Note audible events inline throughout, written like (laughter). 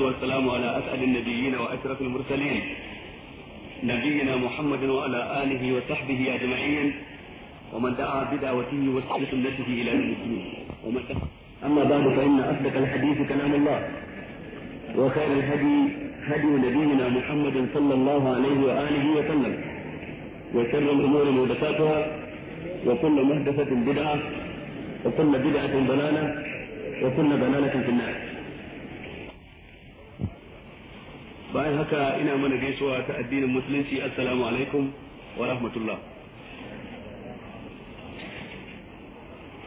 والصلاة والسلام على أسعد النبيين وأشرف المرسلين نبينا محمد وعلى آله وصحبه أجمعين ومن دعا بدعوته وسنة سنته إلى يوم الدين أما بعد فإن أصدق الحديث كلام الله وخير الهدي هدي نبينا محمد صلى الله عليه وآله وسلم وشر الأمور محدثاتها وكل محدثة بدعة وكل بدعة ضلالة وكل ضلالة في النار bayan haka ina mana gaisuwa ta addinin musulunci assalamu alaikum wa rahmatullah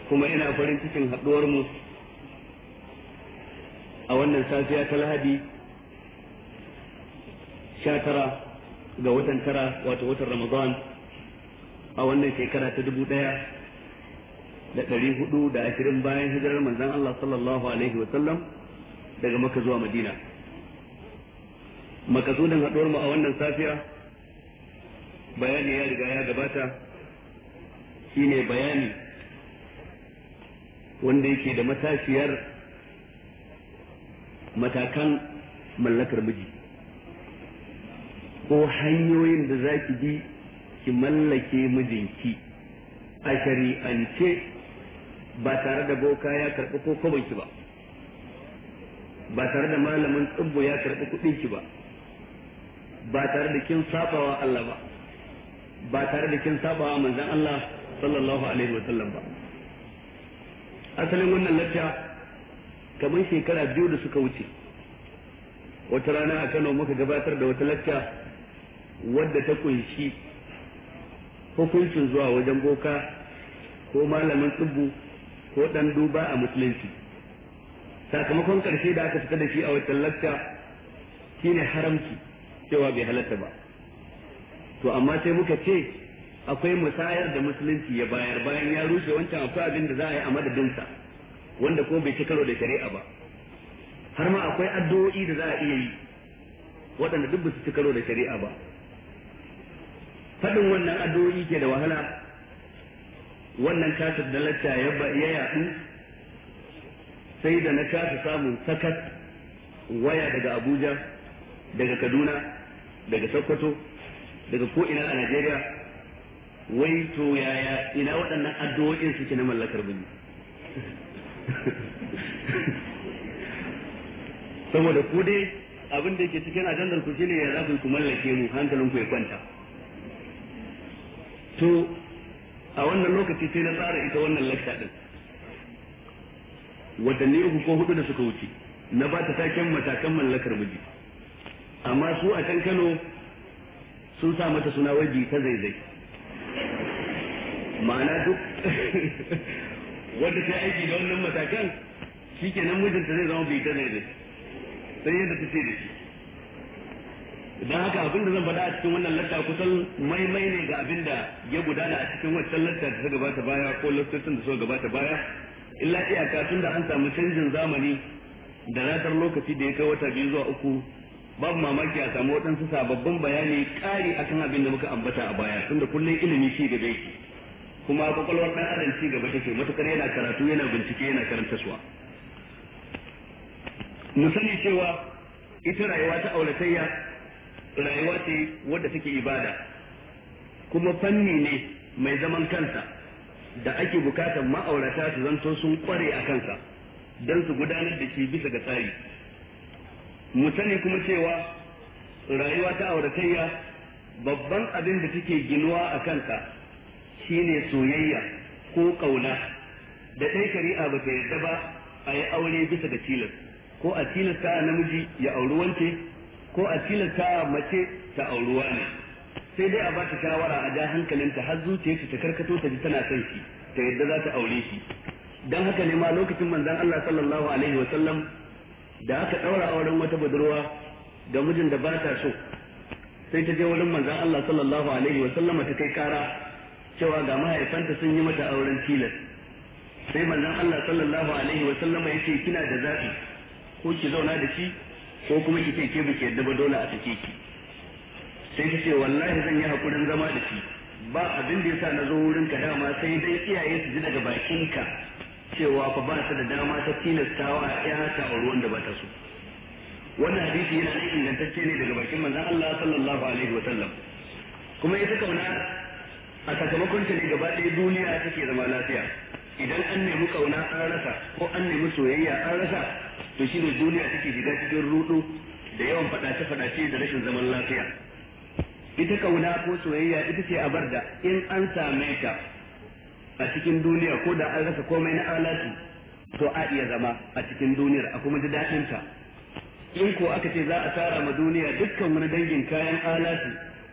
kuma ina farin cikin haɗuwar mu a wannan safiya ta lahadi sha tara ga watan tara wato watan ramadan a wannan shekara ta dubu ɗaya da ɗari hudu da ashirin bayan hijirar manzon Allah sallallahu alaihi wa sallam daga maka zuwa madina makasudin haɗuwar mu a wannan safiya bayani ya riga ya gabata shine bayani wanda yake da matashiyar matakan mallakar miji ko hanyoyin da za ki bi ki mallake mijinki a shari'ance ba tare da boka ya karɓi ko kwabanki ba ba tare da malamin tsibbo ya karɓi kuɗinki ba ba tare da kin sabawa Allah ba ba tare da kin sabawa manzon Allah sallallahu alaihi wa sallam ba asalin wannan lacca kamar shekara biyu da suka wuce wata rana a Kano muka gabatar da wata lacca wadda ta kunshi hukuncin zuwa wajen boka ko malamin tsibbu ko dan duba a musulunci sakamakon ƙarshe da aka fita da shi a wata lacca shine haramci cewa bai halatta ba to amma sai muka ce akwai musayar da musulunci ya bayar bayan ya rushe wancan akwai abin da za a yi a madadinsa wanda ko bai ci karo da shari'a ba har ma akwai addu'o'i da za a iya yi waɗanda duk ba su ci karo da shari'a ba faɗin wannan addu'o'i ke da wahala wannan kasar da lacca ya yaɗu sai da na kasa samun sakat waya daga abuja daga kaduna daga sokoto daga ko ina a najeriya wai to yaya ina waɗannan addu'o'in suke na mallakar birni (laughs) saboda ku dai abin da yake cikin ajandar ku shine ya zaku ku mallake mu hankalin ku ya kwanta to a wannan lokaci sai na tsara ita wannan lakta din watanni uku ko hudu da suka wuce na ba ta taken matakan mallakar miji amma su a can Kano sun sa mata suna waji ta zaizai ma'ana duk (laughs) wanda ta aiki da wannan matakan shi ke nan mijinta zai zama bai ta zaizai sai yadda ta ce da shi don haka abin da zan faɗa a cikin wannan latta kusan maimai ne ga abin da ya gudana a cikin wancan latta da ta gabata baya ko lokacin da suka gabata baya illa iyaka tun da an samu canjin zamani da ratar lokaci da ya kai wata biyu zuwa uku babu mamaki a samu waɗansu sababbin bayani ƙari kan abin da muka ambata a baya tunda kullum ilimi ci gaba yake kuma kwakwalwar ɗan adam ci gaba take matukar yana karatu yana bincike yana karanta suwa mu sani cewa ita rayuwa ta auratayya rayuwa ce wadda take ibada kuma fanni ne mai zaman kansa da ake bukatar ma'aurata su zanto sun kware a kansa don su gudanar da shi bisa ga tsari mu sani kuma cewa rayuwa ta auratayya babban abin da take ginuwa a kansa shine soyayya ko kauna da ɗai kari'a ba ta yarda ba a yi aure bisa da tilas ko a tilasta namiji ya auri wance ko a tilasta mace ta auri wani sai dai a ba ta shawara a ja hankalinta har zuciyarta ta karkato ta ji tana son shi ta yarda za ta aure shi dan haka ne ma lokacin manzon Allah sallallahu alaihi wa sallam da aka daura auren wata budurwa ga mijin da ba ta so sai ta je wurin manzon Allah sallallahu alaihi wa sallama ta kai kara cewa ga mahaifanta sun yi mata auren tilas sai manzon Allah sallallahu alaihi wa sallama yace kina da zafi ko ki zauna da shi ko kuma ki ce ki yadda ba dole a sake ki sai ta ce wallahi zan yi hakurin zama da shi ba abin da yasa na zo wurin ka dama sai dai iyaye su ji daga bakinka cewa fa ba ta da dama ta tilastawa ya ta ruwan da ba ta so wannan hadisi yana da ingantacce ne daga bakin manzon Allah sallallahu alaihi wa sallam kuma ita kauna a sakamakon ta ne gaba ɗaya duniya take zama lafiya idan an nemi kauna an rasa ko an nemi soyayya an rasa to shine duniya take shiga cikin rudu da yawan fadace-fadace da rashin zaman lafiya ita kauna ko soyayya ita ce bar da in an same ta a cikin duniya ko da an rasa komai na alatu to a iya zama a cikin duniyar a kuma ji daɗin ta in ko aka ce za a tara ma duniya dukkan wani dangin kayan alatu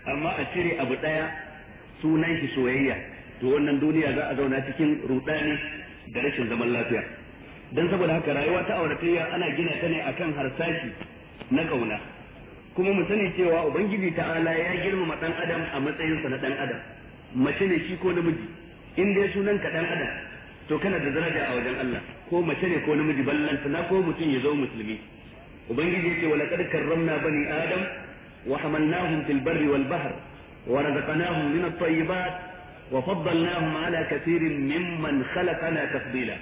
amma a cire abu ɗaya sunan shi soyayya to wannan duniya za a zauna cikin rudani da rashin zaman lafiya dan saboda haka rayuwa ta auratayya ana gina ta ne akan harsashi na kauna kuma mu sani cewa ubangiji ta'ala ya girmama dan adam a matsayinsa na dan adam mace ne shi ko namiji in dai sunan ka dan adam to kana da daraja a wajen Allah ko mace ne ko namiji ballantana ko mutum ya zo musulmi ubangiji yake wala kad karramna bani adam wa hamalnahum fil barri wal bahr wa razaqnahum min at-tayyibat wa faddalnahum ala kathirin mimman khalaqana tafdila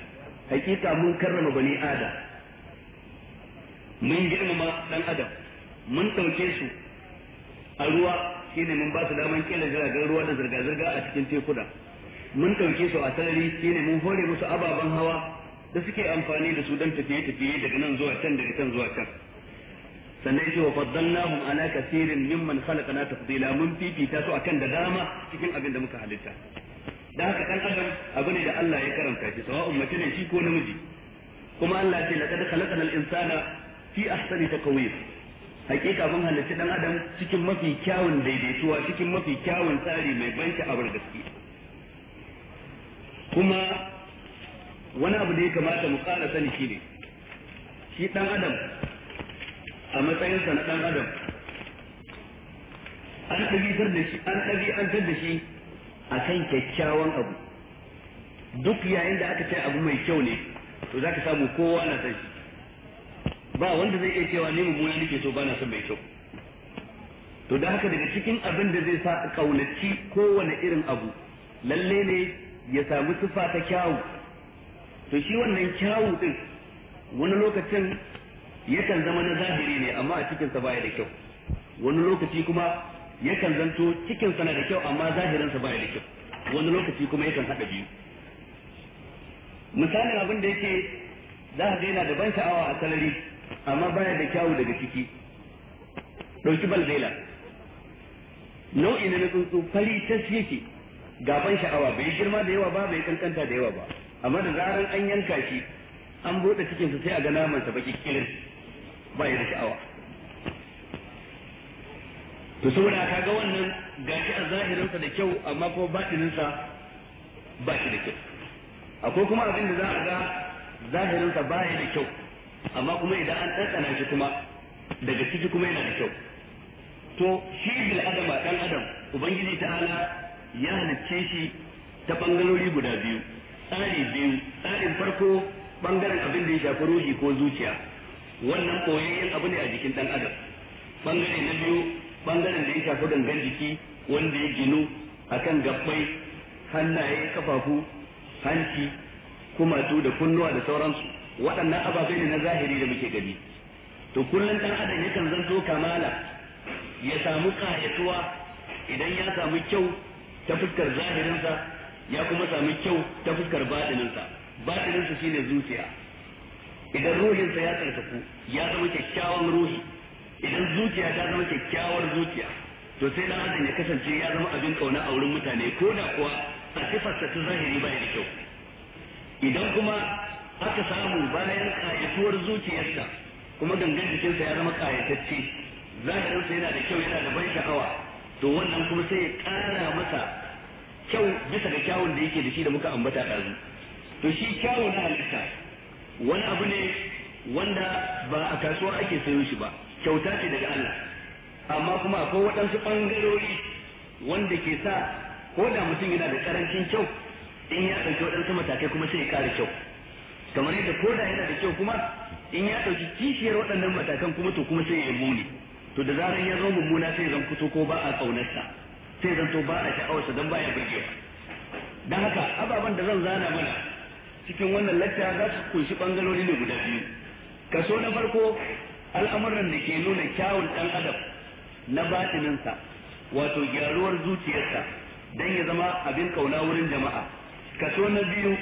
hakika mun karrama bani adam mun girmama dan adam mun dauke su a ruwa shine mun ba su daman kila jiragen ruwa da zirga-zirga a cikin tekuna mun ɗauke su a sarari shine mun hore musu ababen hawa da suke amfani da su don tafiye-tafiye daga nan zuwa can daga can zuwa can sannan yace wa faddalnahum ala kaseerin mimman khalaqna tafdila mun fifita su akan da dama cikin abin da muka halitta da haka kan adam abu ne da Allah ya karanta shi sawa'un mace ne shi ko namiji kuma Allah ce laqad khalaqna al-insana fi ahsani taqwim hakika mun halitta dan adam cikin mafi kyawun daidaituwa cikin mafi kyawun tsari mai ban sha'awar gaske kuma wani abu da ya kamata mu kara sani shi ne shi dan adam a matsayinsa na dan adam an ɗabi da shi an ɗabi'antar da shi a kan kyakkyawan abu duk yayin da aka ce abu mai kyau ne to za ka samu kowa na san shi ba wanda zai iya cewa ne mummuna nake so ba na son mai kyau to da haka daga cikin abin da zai sa kaunaci kowane irin abu lalle ne ya samu sufa ta kyawu to shi wannan kyawu din wani lokacin yakan zama na zahiri ne amma a cikinsa baya da kyau wani lokaci kuma yakan zanto cikinsa na da kyau amma zahirinsa baya da kyau wani lokaci kuma yakan haɗa biyu misalin abin da yake za a yana da ban sha'awa a salari amma baya da kyawu daga ciki ɗauki balbela nau'i na tsuntsu fari ta yake Ga ban sha'awa bai yi girma da yawa ba bai kankanta da yawa ba amma da zaran an yanka shi an buɗe cikinsa sai a ga namansa baki kirin ba ya da sha'awa to saboda ka ga wannan shi a zahirinsa da kyau amma ko batininsa ba shi da kyau akwai kuma abin da za a ga zahirinsa ba yi da kyau amma kuma idan an ɗanɗana shi kuma daga ciki kuma yana da kyau to shi bil adama dan adam ubangiji ta'ala ya halicce shi ta bangarori guda biyu tsari biyu tsarin farko bangaren abin da ya shafi ruhi ko zuciya wannan koyayyen abu ne a jikin dan adam bangare na biyu bangaren da ya shafi gangan jiki wanda ya ginu akan gabbai hannaye kafafu hanci kumatu da kunnuwa da sauransu waɗannan ababai ne na zahiri da muke gani to kullum dan adam yakan zanto kamala ya samu kayatuwa idan ya samu kyau ta fuskar zahirinsa ya kuma sami kyau ta fuskar batininsa batininsa shine zuciya idan ruhinsa ya karsaku ya zama kyakkyawan ruhi idan zuciya ta zama kyakkyawar zuciya to sai dan adam ya kasance ya zama abin kauna a wurin mutane ko da kuwa a sifarsa ta zahiri ba da kyau idan kuma aka samu bayan kayatuwar zuciyarsa kuma gangan jikinsa ya zama kayatacce zahirinsa yana da kyau yana da ban sha'awa to wannan kuma sai ya kara masa kyau bisa ga kyawun da yake da shi da muka ambata ɗazu to shi kyawu na halitta wani abu ne wanda ba a kasuwa ake sayo shi ba kyauta ce daga Allah amma kuma akwai waɗansu ɓangarori wanda ke sa ko da mutum yana da ƙarancin kyau in ya ɗauki waɗansu matakai kuma sai ya ƙara kyau kamar yadda ko da yana da kyau kuma in ya ɗauki kishiyar waɗannan matakan kuma to kuma sai ya yi muni to da zarar ya zo mummuna sai zan fito ko ba a kaunarsa sai zan to ba a sha'awarsa dan baya burge Don haka ababen da zan zana mana cikin wannan lacca za su kunshi bangarori ne guda biyu kaso na farko al'amuran da ke nuna kyawun dan adam na batininsa wato gyaruwar zuciyarsa don ya zama abin kauna wurin jama'a kaso na biyu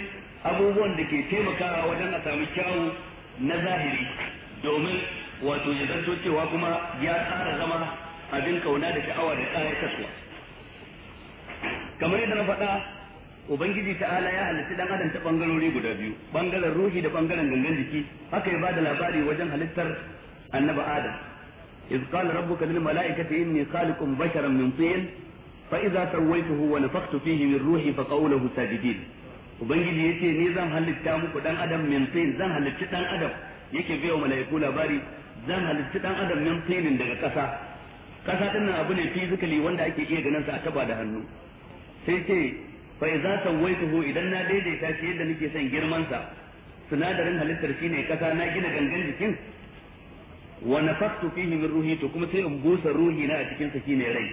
abubuwan da ke taimakawa wajen a samu kyawu na zahiri domin wato ya zanto cewa kuma ya tsara zama abin kauna da sha'awa da tsaya kasuwa kamar yadda na faɗa ubangiji ta'ala ya halitta dan adam ta bangarori guda biyu bangaren ruhi da bangaren gangan jiki haka ya bada labari wajen halittar annabi adam إذ قال ربك للملائكة إني خالق بشرا من طين فإذا سويته ونفخت فيه من روحي فقعوا له ساجدين ubangiji ya ce ni zan halitta muku dan adam min tin zan halitta dan adam yake biyo mala'iku labari zan halitta dan adam nan filin daga kasa ƙasa din nan abu ne physically wanda ake iya ganin sa a taba da hannu sai ce fa idza sawaituhu idan na daidaita shi yadda nake son girman sa sinadarin halittar shine ƙasa na gina gangan jikin wa nafaktu fihi min ruhi to kuma sai in busa ruhi na a cikin sa shine rai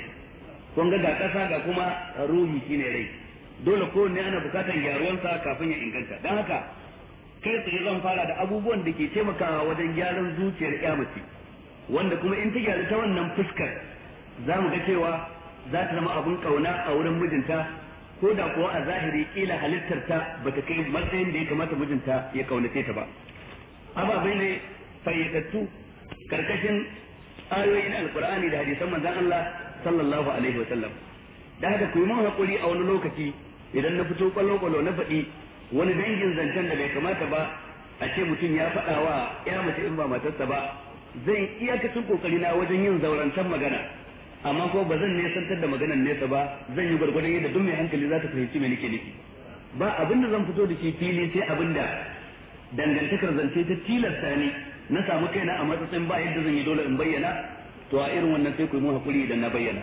kun ga kasa ga kuma ruhi shine rai dole kowanne ana bukatan gyaruwansa kafin ya inganta dan haka kai tsaye zan fara da abubuwan da ke taimakawa wajen gyaran zuciyar ya mace wanda kuma in ta gyaru ta wannan fuskar za mu ga cewa za ta zama abin kauna a wurin mijinta ko da kuwa a zahiri kila halittar ta bata kai matsayin da ya kamata mijinta ya kaunace ta ba ababai ne fayyadattu karkashin ayoyin alkur'ani da hadisan manzon Allah sallallahu alaihi wa sallam da haka ku yi mun hakuri a wani lokaci idan na fito kwallo-kwallo na faɗi wani dangin zancen da bai kamata ba a ce mutum ya faɗa wa ya mace in ba matarsa ba zan iyakacin kokari na wajen yin zaurantar magana amma ko ba zan nesantar da maganar nesa ba zan yi gwargwadon yadda duk mai hankali za ta fahimci me nake nufi ba abin da zan fito da shi fili sai abin da dangantakar zance ta tilasta ni na samu kaina a matsatsin ba yadda zan yi dole in bayyana to a irin wannan sai ku yi mun hakuri idan na bayyana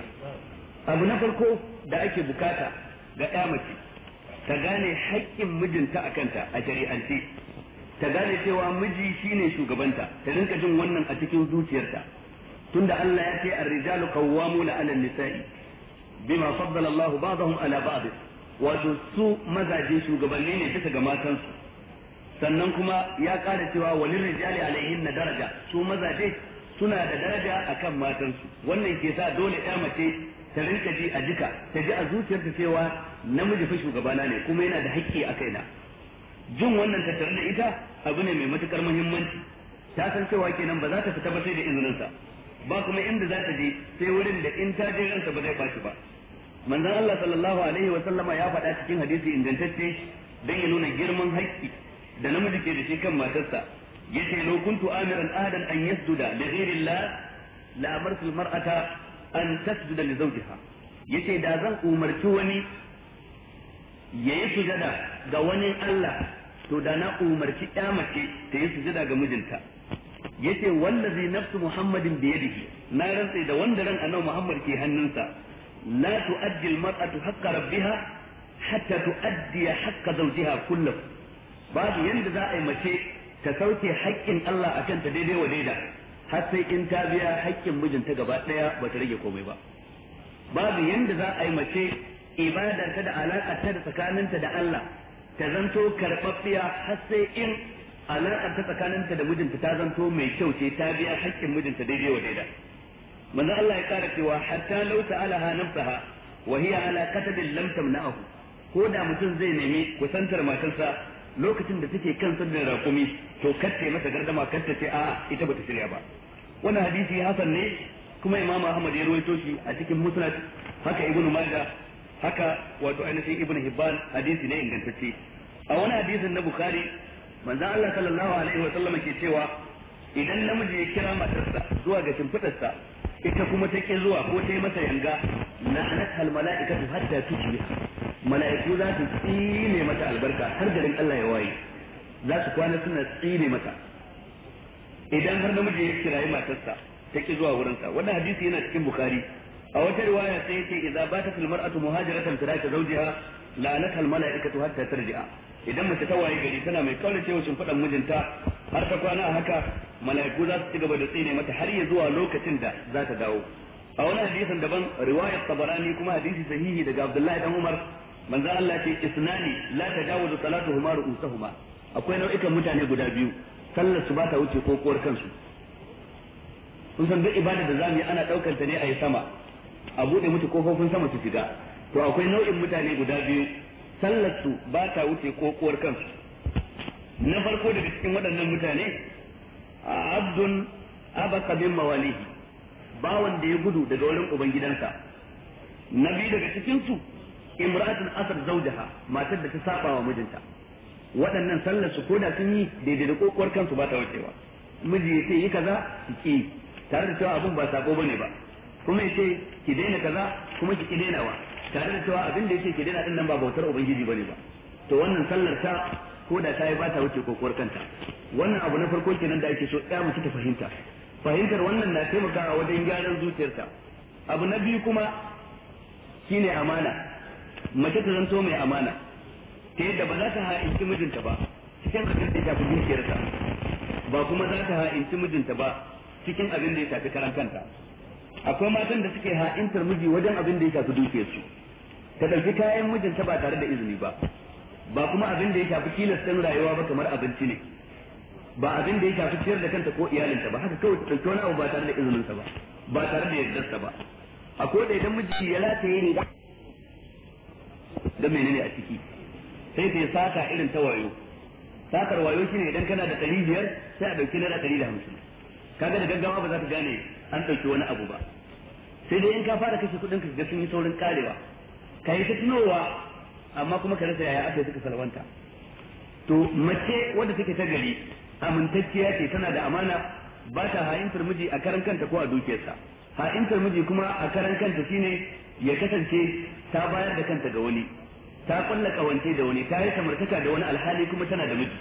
abu na farko da ake bukata ga ya mace ta gane haƙƙin mijinta a kanta a shari'ance ta gane cewa miji shine shugabanta ta rinka jin wannan a cikin zuciyarta tunda Allah ya ce ar-rijalu qawwamuna 'ala an-nisa'i bima faddala Allahu ba'dahum 'ala ba'd wato su mazaje shugabanni ne bisa ga matansu sannan kuma ya kara cewa walil rijali alaihin na daraja su mazaje suna da daraja akan matansu wannan ke sa dole ya mace ta rinka ji a jika ta ji a zuciyarta cewa namiji fa shugabana ne kuma yana da hakki a kaina jin wannan tattare da ita abu ne mai matukar muhimmanci ta san cewa kenan ba za ta fita ba sai da izinin sa ba kuma inda za ta je sai wurin da in ta je ba zai bashi ba manzon Allah sallallahu alaihi wa sallama ya faɗa cikin hadisi ingantacce dan ya nuna girman haƙƙi da namiji ke da shi kan matarsa yace law kuntu amiran adan an yasjuda li ghayri la amartu al an tasjuda li zawjiha yace da zan umarci wani yayi sujada ga wani Allah to da na umarci ya mace ta yi sujada ga mijinta yace wallazi nafsu muhammadin bi yadihi na rantsa da wanda ran annabi muhammad ke hannunsa la tu'addi al-mar'atu haqqa rabbiha hatta tu'addi haqqa zawjiha kullu babu yanda za a yi mace ta sauke haƙƙin Allah akan ta daidai wa daida har sai in ta biya haƙƙin mijinta gaba ɗaya ba ta rage komai ba babu yanda za a yi mace ibadarta da ta da tsakaninta da Allah ta zanto karɓaɓɓiya har sai in ta tsakaninta da mijinta ta zanto mai kyau ce ta biya haƙƙin mijinta daidai wa daida manzo Allah ya ƙara cewa hatta law ta'ala nafsaha wa hiya ala qatadin lam tamna'ahu ko da mutum zai nemi kusantar matarsa lokacin da take kan sandin rakumi to kace masa gardama kace ce ita bata shirya ba wani hadisi hasan ne kuma imam ahmad ya ruwaito shi a cikin musnad haka ibnu majah haka wato ainihin ibnu hibban hadisi ne ingantacce a wani hadisin na bukhari manzon Allah sallallahu alaihi wa sallam ke cewa idan namiji ya kira matarsa zuwa ga shimfidarsa ita kuma ta ke zuwa ko ta yi masa yanga la'anat al mala'ikatu hatta tujbi mala'iku za su tsine mata albarka har garin Allah ya waye za su kwana suna tsine mata idan har namiji ya kirayi matarsa ta ki zuwa wurinsa wannan hadisi yana cikin bukhari a wata riwaya sai yake idza batat al mar'atu muhajiratan firaka zawjiha la'anatha al mala'ikatu hatta tarji'a idan mace ta waye gari tana mai kaula cewa shin fadan mijinta har ta kwana haka mala'iku za su ci gaba da tsine mata har ya zuwa lokacin da za ta dawo a wani hadisin daban riwayar tabarani kuma hadisi sahihi daga abdullahi dan umar manzo Allah ce isnani la tajawazu salatuhuma ru'usuhuma akwai nau'ikan mutane guda biyu sallar su ba ta wuce ko kuwar kansu kun san duk ibada da zamu yi ana daukar ta ne a yi sama a bude mutu kofofin sama su shiga to akwai nau'in mutane guda biyu sallar su ba ta wuce ko kuwar kansu na farko daga cikin waɗannan mutane a abdun abaka bin mawalihi bawan da ya gudu daga wurin ubangidansa na biyu daga cikinsu su asar zaujaha matar da ta saba wa mijinta waɗannan sallar su da sun yi daidai da kokowar kansu ba ta wucewa miji ya ce yi kaza ki ki tare da cewa abun ba sako bane ba kuma ya ce ki daina kaza kuma ki daina wa tare da cewa abin da yake ki daina din nan ba bautar ubangiji bane ba to wannan sallar ta ko da ta yi ba ta wuce kokowar kanta wannan abu na farko kenan da ake so ɗaya mutu ta fahimta fahimtar wannan na taimakawa wajen gyaran zuciyarta abu na biyu kuma shine amana mace ta zanto mai amana ta yadda ba za ta ha'inci mijinta ba cikin abin da ya shafi dukiyarsa ba kuma za ta ha'inci mijinta ba cikin abin da ya shafi karan kanta akwai matan da suke ha'intar miji wajen abin da ya shafi dukiyarsu ta ɗauki kayan mijinta ba tare da izini ba ba kuma abin da ya shafi tilastan rayuwa ba kamar abinci ne ba abin da ya shafi ciyar da kanta ko iyalinta ba haka kawai ta ɗauki wani abu ba tare da izininsa ba ba tare da yardarsa ba akwai da idan miji ya lataye ne da menene a ciki sai bai saka irin ta wayo satar wayo shine idan kana da ɗari biyar sai a ɗauki naira ɗari da hamsin kaga da gaggawa ba za ka gane an ɗauki wani abu ba sai dai in ka fara kashe kuɗin ka ga sun yi saurin karewa ka yi tunowa amma kuma ka rasa yaya aka suka salwanta to mace wadda take ta gari amintacciya ce tana da amana ba ta ha'intar miji a karan kanta ko a dukiyarsa ha'intar miji kuma a karan kanta shine ya kasance ta bayar da kanta ga wani ta kulla kawance da wani ta yi samartaka da wani alhali kuma tana da miji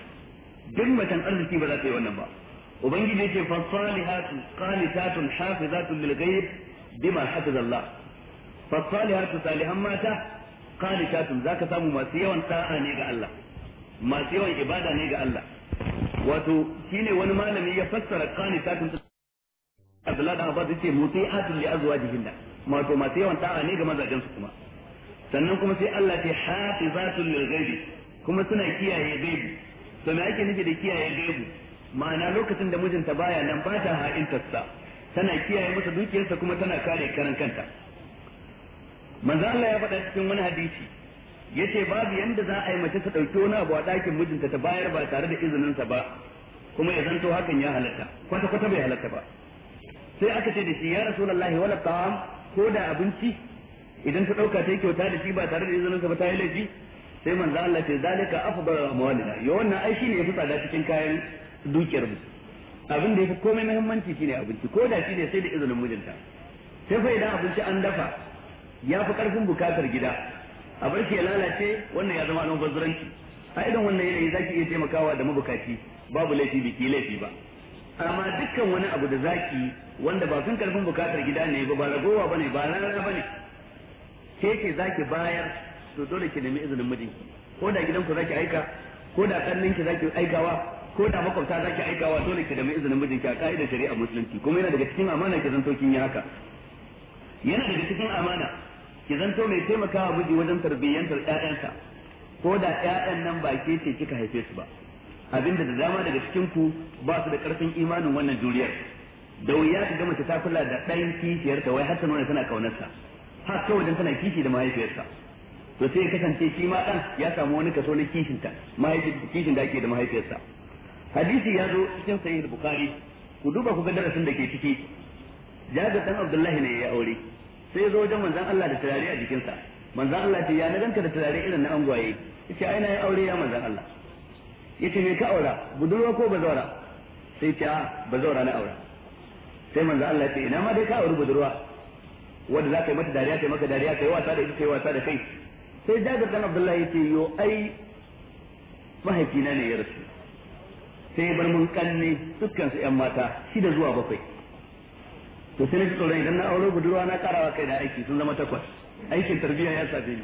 duk macen arziki ba za ta yi wannan ba ubangiji yake fa salihatu qanitatun hafizatun lil ghaib bima hafizallah fa salihatu salihan mata qanitatun zaka samu masu yawan sa'a ne ga Allah masu yawan ibada ne ga Allah wato shine wani malami ya fassara qanitatun Abdullah da Abbas yace muti'atun li azwajihinna wato masu yawan ta'a ne ga mazajen su kuma sannan kuma sai Allah ce hafizatul lil ghaibi kuma suna kiyaye gaibu to me ake nufi da kiyaye gaibu ma'ana lokacin da mijinta baya nan ba ta ha'intarsa tana kiyaye masa dukiyarsa kuma tana kare karan kanta manzo Allah ya faɗa cikin wani hadisi yace babu yanda za a yi mace ta ɗauki wani abu a ɗakin mijinta ta bayar ba tare da izinin sa ba kuma ya zanto hakan ya halatta kwata kwata bai halatta ba sai aka ce da shi ya rasulullahi wala ta'am ko da abinci idan ta dauka ta yi kyauta da shi ba tare da izinin sa ba ta yi laifi sai manzo Allah ce zalika afdalu amwalina yo wannan ai shine yafi tsada cikin kayan dukiyar mu abin da yafi komai muhimmanci shine abinci ko da shine sai da izinin mijinta sai fa idan abinci an dafa ya fi karfin bukatar gida a bar shi ya lalace wannan ya zama almubazzaranci a idan wannan yanayi za ki iya taimakawa da mabukaci babu laifi biki laifi ba amma dukkan wani abu da zaki wanda ba sun karfin bukatar gida ne ba ba ragowa bane ba rana bane ke ce zaki bayar to dole ki nemi izinin mijinki ko da gidanku zaki aika ko da ki zaki aikawa ko da makwabta zaki aikawa dole ki nemi izinin mijinki a ka'idar shari'a musulunci kuma yana daga cikin amana ki zanto kin yi haka yana daga cikin amana ki zanto mai taimakawa miji wajen tarbiyyantar ƴaƴansa ko da ƴaƴan nan ba ke ce kika haife su ba abinda da dama daga cikin ku ba su da karfin imanin wannan juriyar da wuya ka ga mace ta kula da ɗan kishiyarta wai har ta nuna tana kaunarsa har kawai dan tana kishi da mahaifiyarsa to sai ya kasance shi ma dan ya samu wani kaso na kishinta kishin da ake da mahaifiyarsa hadisi ya zo cikin sahih bukhari ku duba ku ga darasin da ke ciki jabir dan abdullahi ne ya aure sai zo wajen manzon Allah da turare a jikinsa manzon Allah ce ya na ganka da turare irin na angwaye yace ai na ya aure ya manzon Allah yace me ka aura budurwa ko bazawara sai ce bazawara na aura sai manzon Allah ce ina ma dai ka aure budurwa wanda za ka yi mata dariya yi maka dariya ka yi wasa da ita yi wasa da kai sai Jabir dan Abdullahi ce yo ai mahaifina ne ya rasu sai bar mun kanne dukkan su yan mata shida zuwa bakwai to sai nake tsoron idan na aure budurwa na karawa kai da aiki sun zama takwas aikin tarbiyya ya sabe ni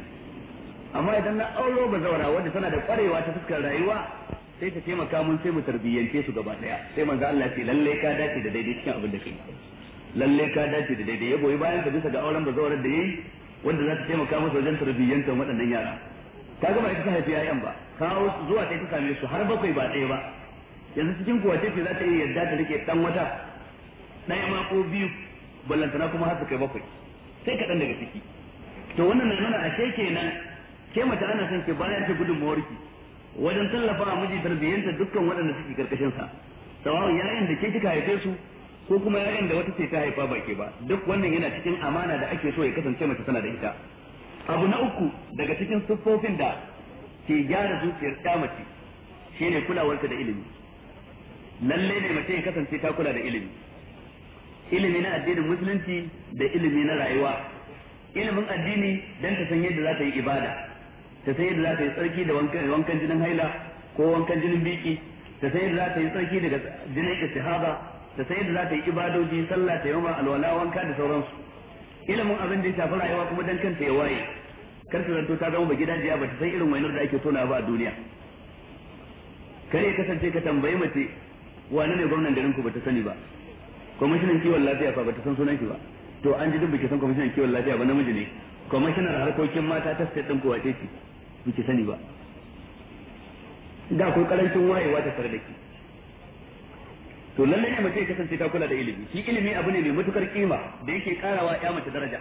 amma idan na aure bazawara wanda tana da kwarewa ta fuskar rayuwa sai ta taimaka mun sai mu tarbiyyance su gaba daya sai manzo Allah ya ce lalle ka dace da daidai cikin abin da kake lalle ka dace da daidai ya goyi bayan ka bisa ga auren bazawarar da yayi wanda za ta taimaka masa wajen tarbiyyantar waɗannan yara ta ba ita ta haifi yayan ba kawo su zuwa ta ta same su har bakwai ba ɗaya ba yanzu cikin kuwa ce za ta yi yadda ta rike dan wata ɗaya ma ko biyu ballantana kuma har su kai bakwai sai kaɗan daga ciki to wannan na nuna ashe kenan ke mace ana son ke bayar ta gudunmawar ki wajen tallafa miji tarbiyyanta dukkan waɗanda suke karkashin sa sawa'un yayin da ke kika haife su ko kuma yayin da wata ce ta haifa baki ba duk wannan yana cikin amana da ake so ya kasance mace tana da ita abu na uku daga cikin siffofin da ke gyara zuciyar ta mace shine kulawarta da ilimi lalle ne mace ya kasance ta kula da ilimi ilimi na addinin musulunci da ilimi na rayuwa ilimin addini dan ta san yadda za ta yi ibada ta san yadda za ta yi tsarki da wankan jinin haila ko wankan jinin biki ta san yadda za ta yi tsarki daga jinin istihaba da sai da za ta yi ibadoji sallah ta yawan alwala wanka da sauransu ilimin abin da ya shafi rayuwa kuma dan kanta ya waye kar ta zanto ta zama ba jiya ba ta san irin wainar da ake tona ba a duniya kar ya kasance ka tambayi mace wane ne gwamnan garin ku ba ta sani ba kwamishinan kiwon lafiya fa ba ta san sunan shi ba to an ji duk biki san kwamishinan kiwon lafiya ba namiji ne kwamishinan harkokin mata ta state din ku wace ce biki sani ba da akwai karancin wayewa ta sarda da ki to lallai ne mace kasance ta kula da ilimi shi ilimi abu ne mai matukar kima da yake karawa ya mace daraja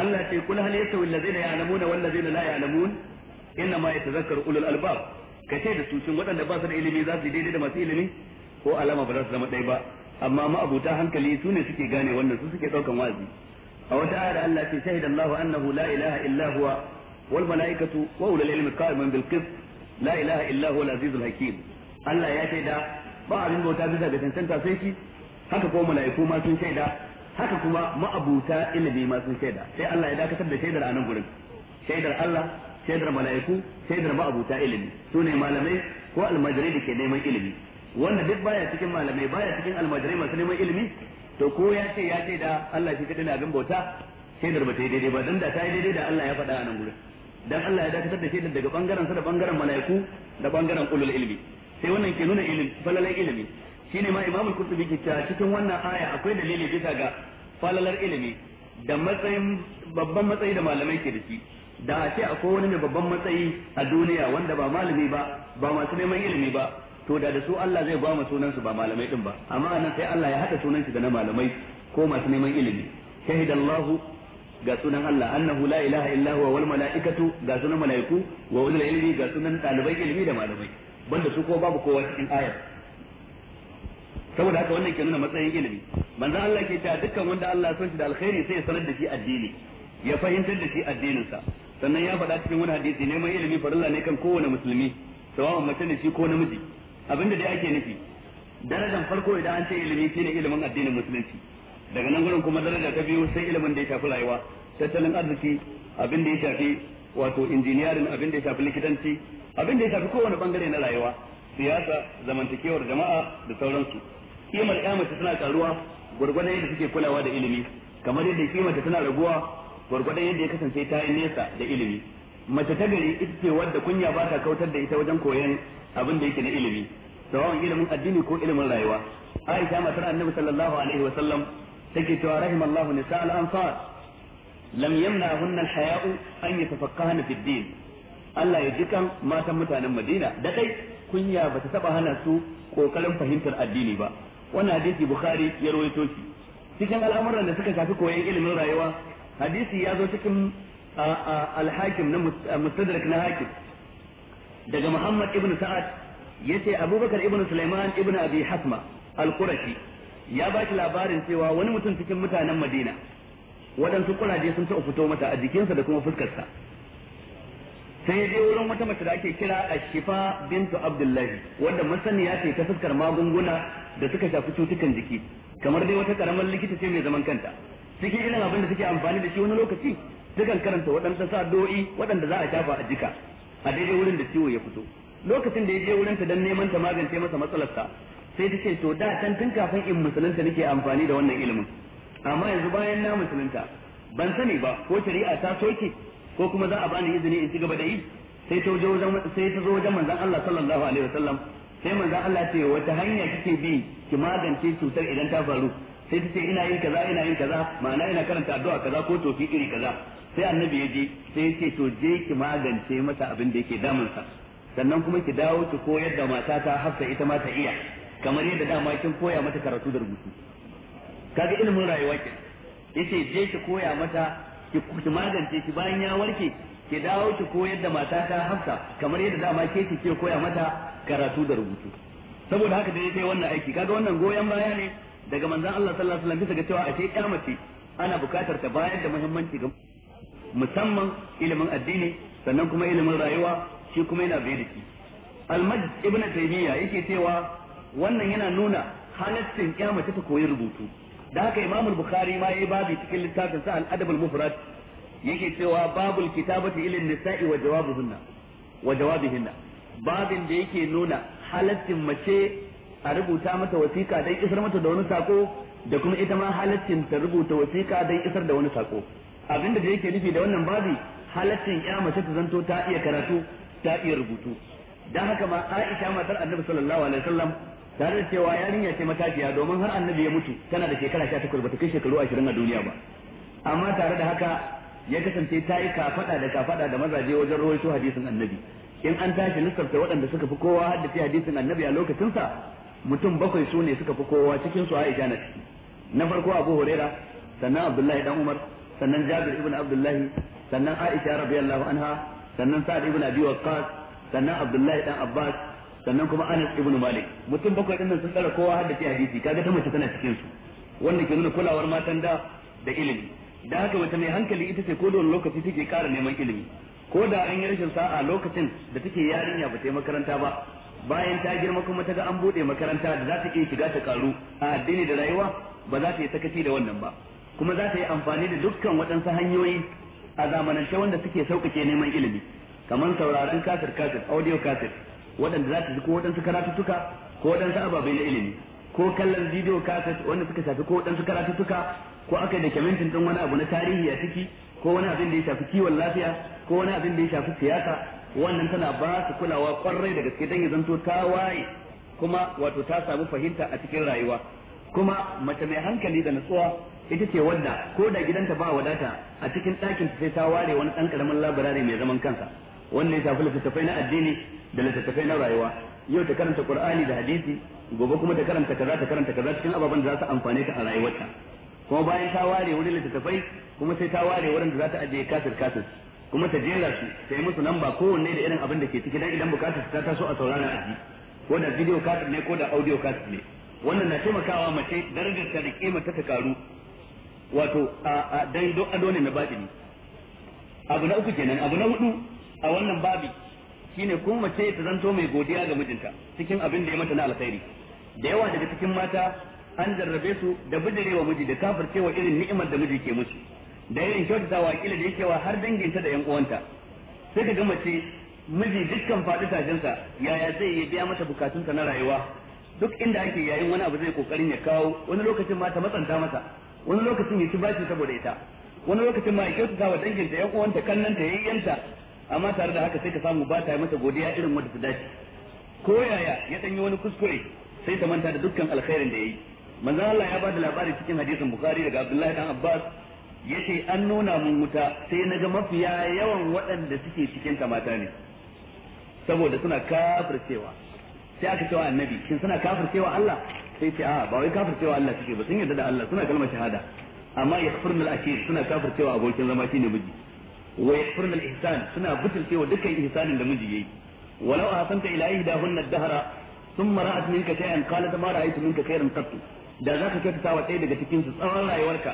Allah ce kul hal yasawi allazina ya'lamuna wal ladzina la ya'lamun inna ma yatazakkaru ulul albab kace da su waɗanda ba su da ilimi za su daidai da masu ilimi ko alama ba za su zama ɗaya ba amma ma'abuta hankali su ne suke gane wannan su suke ɗaukan wazi a wata ayar Allah ce shahida Allahu annahu la ilaha illa huwa wal malaikatu wa ulul ilmi qa'iman bil qist la ilaha illa huwa al azizul hakim Allah ya shaida ba abin bauta bisa ga cancanta sai shi haka ko mala'iku ma sun shaida haka kuma ma'abuta ilimi ma sun shaida sai Allah ya dakatar da shaidar a nan gurin shaidar Allah shaidar mala'iku shaidar ma'abuta ilimi sune malamai ko almajirai da ke neman ilimi wanda duk baya cikin malamai baya cikin almajirai masu neman ilimi to ko ya ce ya ce da Allah shi kadai na abin bauta shaidar ba ta yi daidai ba dan da ta yi daidai da Allah ya faɗa a nan gurin dan Allah ya dakatar da shaidar daga bangaren sa da bangaren mala'iku da bangaren ulul ilmi sai wannan ke nuna ilimi falalar ilimi shine ma imamul qurtubi ke cewa cikin wannan aya akwai dalili bisa ga falalar ilimi da matsayin babban matsayi da malamai ke da shi da a ce akwai wani mai babban matsayi a duniya wanda ba malami ba ba masu neman ilimi ba to da da su Allah zai ba mu sunan su ba malamai din ba amma anan sai Allah ya haɗa sunan shi da na malamai ko masu neman ilimi shahidallahu ga sunan Allah annahu la ilaha illa huwa wal malaikatu ga sunan malaiku wa ulul ilmi ga sunan talibai ilimi da malamai banda su ko babu kowa cikin ayar saboda haka wannan ke nuna matsayin ilimi manzo Allah ke cewa dukkan wanda Allah so shi da alkhairi sai ya sanar da shi addini ya fahimtar da shi addininsa sannan ya faɗa cikin wani hadisi neman ilimi farilla ne kan kowane musulmi sawawan mace ne shi ko namiji abinda dai ake nufi darajar farko idan an ce ilimi shine ilimin addinin musulunci daga nan gurin kuma daraja ta biyu sai ilimin da ya shafi rayuwa tattalin arziki abin da ya shafi wato injiniyarin abin da ya shafi likitanci abin da ya shafi kowane bangare na rayuwa siyasa zamantakewar jama'a da sauransu kimar ya mace tana karuwa gwargwadon yadda suke kulawa da ilimi kamar yadda kimata suna tana raguwa gwargwadon yadda ya kasance ta yi nesa da ilimi mace ta gari ita ce wadda kunya ba ta kautar da ita wajen koyon abin da yake na ilimi sawan ilimin addini ko ilimin rayuwa aisha matar annabi sallallahu alaihi wa sallam take cewa rahimallahu nisa al-ansar lam hunna al-haya'u an yatafaqqahna fi din Allah ya jikan matan mutanen Madina da dai kunya bata taba hana su kokarin fahimtar addini ba wannan hadisi Bukhari ya rawaito shi cikin al'amuran da suka kafi koyon ilimin rayuwa hadisi ya zo cikin al-Hakim na Mustadrak na Hakim daga Muhammad ibn Sa'ad yace Abubakar ibn Sulaiman ibn Abi Hasma al-Qurashi ya ba shi labarin cewa wani mutum cikin mutanen Madina waɗansu kuraje sun taɓa fito mata a jikinsa da kuma fuskarsa sai je wurin wata mace da ake kira Ashifa bintu Abdullahi wanda masaniya ce ta fuskar magunguna da suka shafi cutukan jiki kamar dai wata karamar likita ce mai zaman kanta cikin irin abin da suke amfani da shi wani lokaci sukan karanta waɗanda sa do'i waɗanda za a shafa a jika a daidai wurin da ciwo ya fito lokacin da ya je wurinta don neman ta magance masa matsalarsa sai ta ce to da can tun kafin in musulunta nake amfani da wannan ilimin amma yanzu bayan na musulunta ban sani ba ko shari'a ta soke ko kuma za a bani izini in ci gaba da yi sai ta wajen sai ta zo wajen manzon Allah sallallahu alaihi wasallam sai manzon Allah ce wata hanya kike bi ki magance cutar idan ta faru sai ta ce ina yin kaza ina yin kaza ma'ana ina karanta addu'a kaza ko tofi iri kaza sai annabi ya je sai ya ce to je ki magance mata abin da yake sa. sannan kuma ki dawo ki koyar da mata ta hafsa ita ma ta iya kamar yadda dama kin koya mata karatu da rubutu kaga ilimin rayuwa ke yace je ki koya mata ki magance shi bayan ya warke ki dawo ki koyar da mata ta hafsa kamar yadda dama ke ki ke koya mata karatu da rubutu saboda haka dai sai wannan aiki kaga wannan goyon baya ne daga manzon Allah sallallahu alaihi wasallam bisa ga cewa a ce ana bukatar ta bayar da muhimmanci ga musamman ilimin addini sannan kuma ilimin rayuwa shi kuma yana bai da shi almaj ibnu taymiya yake cewa wannan yana nuna halaccin kyar mace ta koyi rubutu da haka imam al-bukhari ma yayi babu cikin littafin sa al-adab al-mufrad yake cewa babul kitabati ilin nisa'i wa jawabuhunna wa jawabihinna babin da yake nuna halaccin mace a rubuta mata wasiƙa dan isar mata da wani sako da kuma ita ma halaccin ta rubuta wasiƙa dan isar da wani sako abinda da yake nufi da wannan babi halaccin ya mace ta zanto ta iya karatu ta iya rubutu dan haka ma Aisha matar Annabi sallallahu alaihi wasallam tare da cewa yarinya ce matashiya domin har annabi ya mutu tana da shekara sha takwas bata kai shekaru ashirin a duniya ba amma tare da haka ya kasance ta yi kafaɗa da kafaɗa da mazaje wajen rawaito hadisin annabi in an tashi lissafta waɗanda suka fi kowa haddace hadisin annabi a lokacinsa mutum bakwai su ne suka fi kowa cikin su Aisha na ciki na farko Abu Huraira sannan Abdullahi dan Umar sannan Jabir ibn Abdullahi sannan Aisha radiyallahu anha sannan Sa'ad ibn Abi Waqqas sannan Abdullahi dan Abbas sannan kuma Anas ibnu Malik mutum bakwai dinnan nan sun tsara kowa haddace hadisi kaga ta mace tana cikin su wanda ke nuna kulawar matan da da ilimi da haka wata mai hankali ita ce ko da lokaci take kara neman ilimi ko da an yi rashin sa'a lokacin da take yarinya ba ta yi makaranta ba bayan ta girma kuma ta ga an bude makaranta da za ta iya shiga ta karu a addini da rayuwa ba za ta yi sakaci da wannan ba kuma za ta yi amfani da dukkan waɗansu hanyoyi a zamanance wanda suke sauƙaƙe neman ilimi kamar sauraron kasir kasir audio kasir waɗanda za ta ji ko waɗansu karatuttuka ko waɗansu ababai na ilimi ko kallon bidiyo kasas wanda suka shafi ko waɗansu karatuttuka ko aka yi da kyamintin ɗin wani abu na tarihi a ciki ko wani abin da ya shafi kiwon lafiya ko wani abin da ya shafi siyasa wannan tana ba su kulawa kwarai da gaske don ya zanto ta waye kuma wato ta samu fahimta a cikin rayuwa kuma mace mai hankali da nutsuwa ita ce wadda ko da gidanta ba wadata a cikin ɗakin sai ta ware wani ɗan ƙaramin labirare mai zaman kansa wannan ya shafi littattafai na addini da littattafai na rayuwa yau ta karanta qur'ani da hadisi gobe kuma ta karanta kaza ta karanta kaza cikin ababen da za su amfane ta a rayuwarta kuma bayan ta ware wurin littattafai kuma sai ta ware wurin da za ta ajiye kasir kasir kuma ta jera su ta yi musu lamba kowanne da irin abin da ke ciki dan idan bukatar ta taso a saurara a ji ko da video kasir ne ko da audio kasir ne wannan na taimakawa mace darajar ta da kima ta karu wato a dan ado ne na batini abu na uku kenan abu na hudu a wannan babi shine kun mace ta zanto mai godiya ga mijinta cikin abin da ya mata na alkhairi da yawa daga cikin mata an jarrabe su da wa miji da kafircewa irin ni'imar da miji ke musu da irin kyautatawa kila da yake wa har danginta da yan uwanta sai ka ga mace miji dukkan faɗi tajinsa yaya zai yi biya mata bukatunsa na rayuwa duk inda ake yayin wani abu zai kokarin ya kawo wani lokacin ma ta matsanta masa wani lokacin ya ci bashi saboda ita wani lokacin ma ya kyautata wa danginta yan uwanta kannanta yayyanta amma tare da haka sai ka samu ba ta yi mata godiya irin wanda ta dace ko yaya ya yi wani kuskure sai ta manta da dukkan alkhairin da yayi manzon Allah ya bada labari cikin hadisin Bukhari daga Abdullahi dan Abbas yace an nuna mun wuta sai naga mafiya yawan waɗanda suke cikin ta mata ne saboda suna kafircewa sai aka cewa annabi shin suna kafircewa Allah sai ce a ba wai kafircewa Allah suke ba sun yarda da Allah suna kalmar shahada amma yakfurnul ashir suna kafircewa abokin zama shine miji wa yakfurna al-ihsan suna butulcewa duka ihsanin da miji yayi walau ahsanta ila ihdahunna ad-dahra thumma ra'at minka shay'an qalat ma ka kai khayran qattu da zaka kyautata wa ɗaya daga cikin su tsawon rayuwarka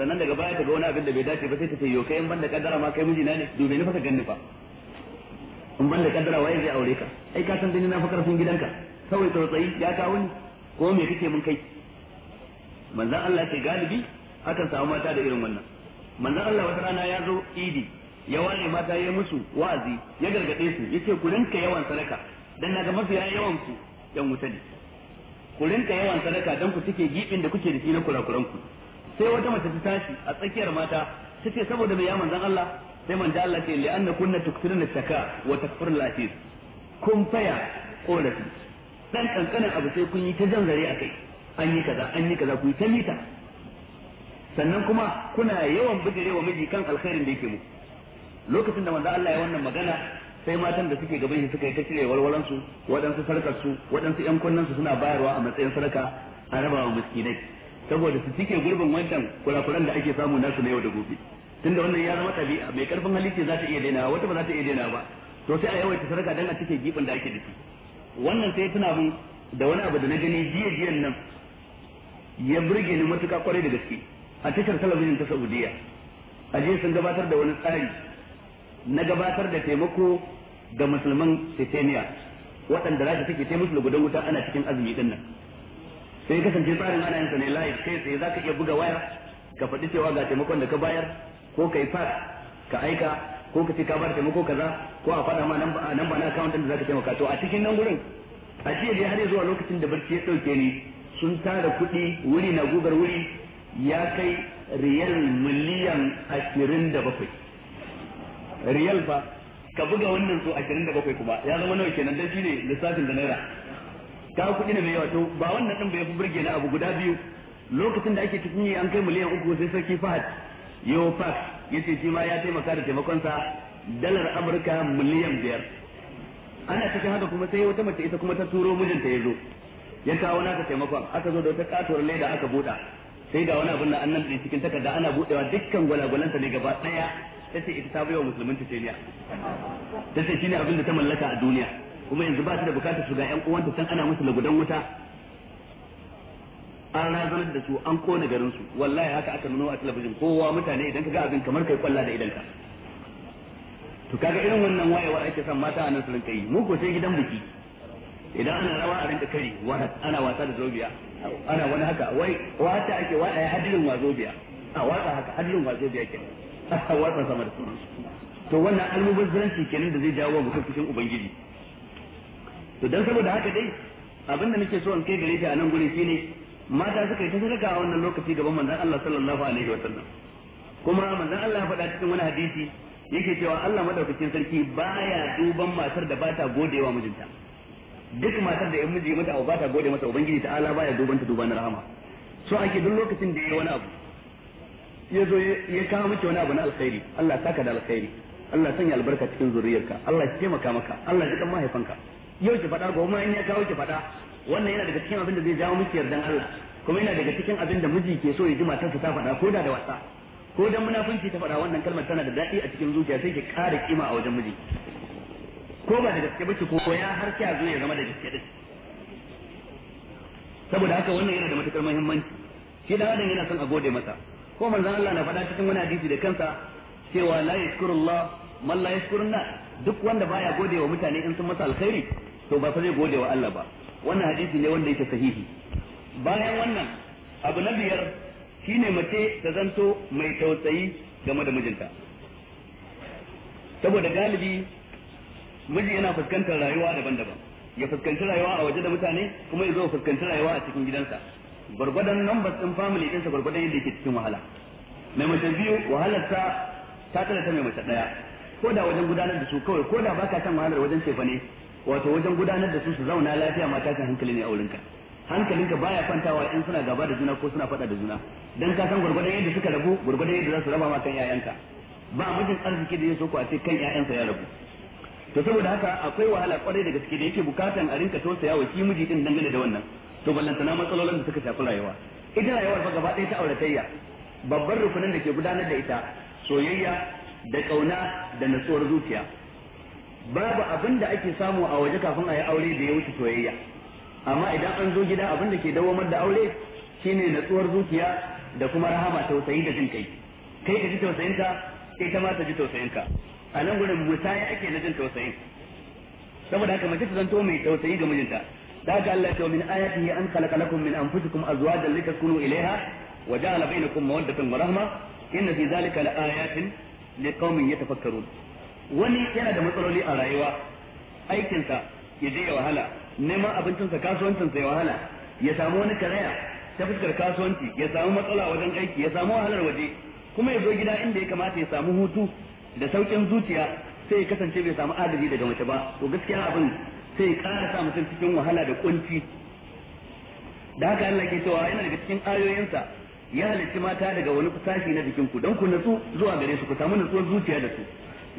sannan daga baya ta wani abin da bai dace ba sai ta ce yo kai ban da kaddara ma kai miji na ne dube ni fa ka ganni fa in ban da kaddara waye zai aure ka ai ka san dani na fa karfin gidanka kawai tsautsayi ya kawo ni ko me kake mun kai manzon Allah ke galibi akan samu mata da irin wannan manzon Allah wata rana ya zo idi ya ware mata ya musu wa'azi ya gargade su yace ku rinka yawan sadaka dan naga mafiya yawan ku yan wuta ne ku rinka yawan sadaka dan ku cike gibin da kuke da shi na kurakuran ku sai wata mace ta tashi a tsakiyar mata tace saboda mai ya manzon Allah sai manzon Allah ce li'anna kunna tuktirna shaka wa takfurul latif kun faya korafi dan kankanin abu sai kun yi ta jan zare akai an yi kaza an yi kaza ku yi ta mita sannan kuma kuna yawan bijire wa miji kan alkhairin da yake mu lokacin da manzo Allah ya wannan magana sai matan da suke gaban shi suka yi ta cire walwalan su wadansu sarkar su wadansu yan kunnan su suna bayarwa a matsayin sarka a raba wa miskinai saboda su cike gurbin wancan kurakuran da ake samu nasu na yau da gobe tunda wannan ya zama tabi'a mai karfin hali ce za ta iya daina wata ba za ta iya daina ba to sai a yawaita sarka dan a cike gibin da ake da shi wannan sai tuna mun da wani abu da na gani jiya jiyan nan ya burge ni matuƙa kwarai da gaske a tashar talabijin ta saudiya a sun gabatar da wani tsari na gabatar da taimako ga musulman Chechnya waɗanda rasha take ta da gudan wuta ana cikin azumi din nan sai kasance tsarin ana yansa ne live kai za zaka iya buga waya ka faɗi cewa ga taimakon da ka bayar ko kai fax ka aika ko ka ce ka bar taimako kaza ko a faɗa ma nan ba na account da zaka taimaka to a cikin nan gurin a jiya dai har zuwa lokacin da barci ya dauke ni sun tara kuɗi wuri na gugar wuri ya kai riyal miliyan ashirin da bakwai riyal ba ka buga wannan su ashirin da bakwai kuma ya zama nawa kenan dan shine lissafin da naira ka kuɗi ne mai yawa to ba wannan din bai fi burge na abu guda biyu lokacin da ake cikin yi an kai miliyan uku sai sarki fahad yau fax yace shi ma ya taimaka da taimakonsa dalar amurka miliyan biyar ana cikin haka kuma sai wata mace ita kuma ta turo mijinta ya zo ya kawo naka taimakon aka zo da wata katuwar leda aka buɗa sai da wani abin da annan da cikin takarda ana budewa dukkan gwalagwalanta ne gaba daya tace ita ta baiwa musulmin ce tace shine abin da ta mallaka a duniya kuma yanzu ba ta da bukatar su ga 'yan uwanta san ana musu lagudan wuta an razanar da su an kona garin su wallahi haka aka nuna a talabijin kowa mutane idan ka ga abin kamar kai kwalla da idanka to kaga irin wannan wayewa ake son mata a nan su rinka yi mu ko sai gidan biki idan ana rawa a rinka kari ana wasa da zobiya ana wani haka wai wata ake wada hadirin wazo biya a wata haka hadirin wazo biya ke (laughs) a wata sama da sunan to wannan almubazzaranci kenan da zai jawo mutum fushin ubangiji to dan saboda haka dai abinda nake so in kai gare ta a nan gurin shine mata suka yi ta sadaka a wannan lokaci gaban manzon Allah sallallahu alaihi wa sallam kuma manzon Allah ya faɗa cikin wani hadisi yake cewa Allah madaukakin sarki baya duban matar da bata godewa mijinta duk matar da yan miji mata abu ba ta gode masa ubangiji ta'ala baya duban ta duba rahama so ake duk lokacin da yayi wani abu ya zo ya kawo miki wani abu na alkhairi Allah saka da alkhairi Allah sanya albarka cikin zuriyarka Allah ya taimaka maka Allah ya kama mahaifanka yau ki faɗa gobe in ya kawo ki faɗa wannan yana daga cikin abin da zai jawo miki yardan Allah kuma yana daga cikin abin da miji ke so ya ji matarsa ta faɗa ko da da wasa ko dan munafunci ta faɗa wannan kalmar tana da daɗi a cikin zuciya sai ki ƙara kima a wajen miji ko ba da gaske bace ko ya har sai a zo ya zama da gaske din saboda haka wannan yana da matukar muhimmanci shi da adam yana son a gode masa ko manzon Allah na faɗa cikin wani hadisi da kansa cewa la yashkurullah man la yashkurunna duk wanda baya gode wa mutane in sun masa alkhairi to ba fa zai gode wa Allah ba wannan hadisi ne wanda yake sahihi bayan wannan abu na biyar shine mace ta zanto mai tausayi game da mijinta saboda galibi miji yana fuskantar rayuwa daban-daban ya fuskanci rayuwa a waje da mutane kuma ya zo fuskanci rayuwa a cikin gidansa gwargwadon numbers din family din sa gwargwadon yadda yake cikin wahala mai mace biyu wahalar ta ta tare ta mai mace daya ko da wajen gudanar da su kawai ko da baka san wahalar wajen ce bane wato wajen gudanar da su su zauna lafiya ma tashin hankali ne a wurinka hankalinka baya kwantawa in suna gaba da juna ko suna faɗa da juna dan ka san gwargwadon yadda suka rabu gwargwadon yadda za su raba ma kan 'ya'yanka ba mijin arziki da ya so ku a ce kan 'ya'yansa ya rabu to saboda haka akwai wahala kwarai da gaske da yake bukatan a rinka tausaya wa shi miji din dangane da wannan to ballantana matsalolin da suka shafi rayuwa ita rayuwar fa gaba ɗaya ta auratayya babban rukunin da ke gudanar da ita soyayya da ƙauna da natsuwar zuciya babu abin da ake samu a waje kafin a yi aure da ya wuce soyayya amma idan an zo gida abin da ke dawomar da aure shine natsuwar zuciya da kuma rahama tausayi da jin kai kai ka ji tausayinka kai ta ma ta ji tausayinka a nan gurin musaya ake na jin tausayi saboda haka mace ta zanto mai tausayi ga mijinta da haka Allah ya min ayatihi an khalaqa lakum min anfusikum azwajan litaskunu ilayha wa ja'ala bainakum mawaddatan wa rahma inna fi zalika laayatin liqaumin yatafakkarun wani yana da matsaloli a rayuwa aikinsa ya je ya wahala neman abincinsa kasuwancinsa ya wahala ya samu wani karaya ta fuskar kasuwanci ya samu matsala wajen aiki ya samu wahalar waje kuma ya zo gida inda ya kamata ya samu hutu da saukin zuciya sai ya kasance bai samu adadi daga mace ba to gaskiya abin sai kara ƙara sa mutum cikin wahala da kunci da haka Allah ke cewa yana daga cikin ayoyinsa ya halicci mata daga wani sashi na jikinku don ku natsu zuwa gare su ku samu natsuwar zuciya da su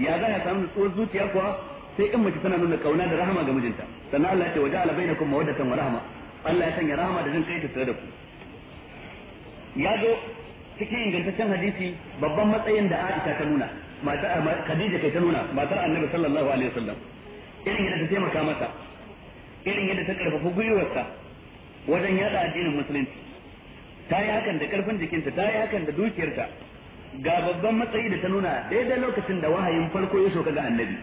ya za ya samu natsuwar zuciya kuwa sai in mace tana nuna kauna da rahama ga mijinta sannan Allah ya ce waje ala bainakum mawaddatan wa rahama Allah ya sanya rahama da jin kai ta tare da ku ya zo cikin ingantaccen hadisi babban matsayin da Aisha ta nuna mata Khadija kai ta nuna matar Annabi sallallahu alaihi wasallam irin yadda ta taimaka masa irin yadda ta karfafa gwiwarsa wajen yada addinin musulunci ta yi hakan da karfin jikinta ta yi hakan da dukiyarta ga babban matsayi da ta nuna daidai lokacin da wahayin farko ya soka ga annabi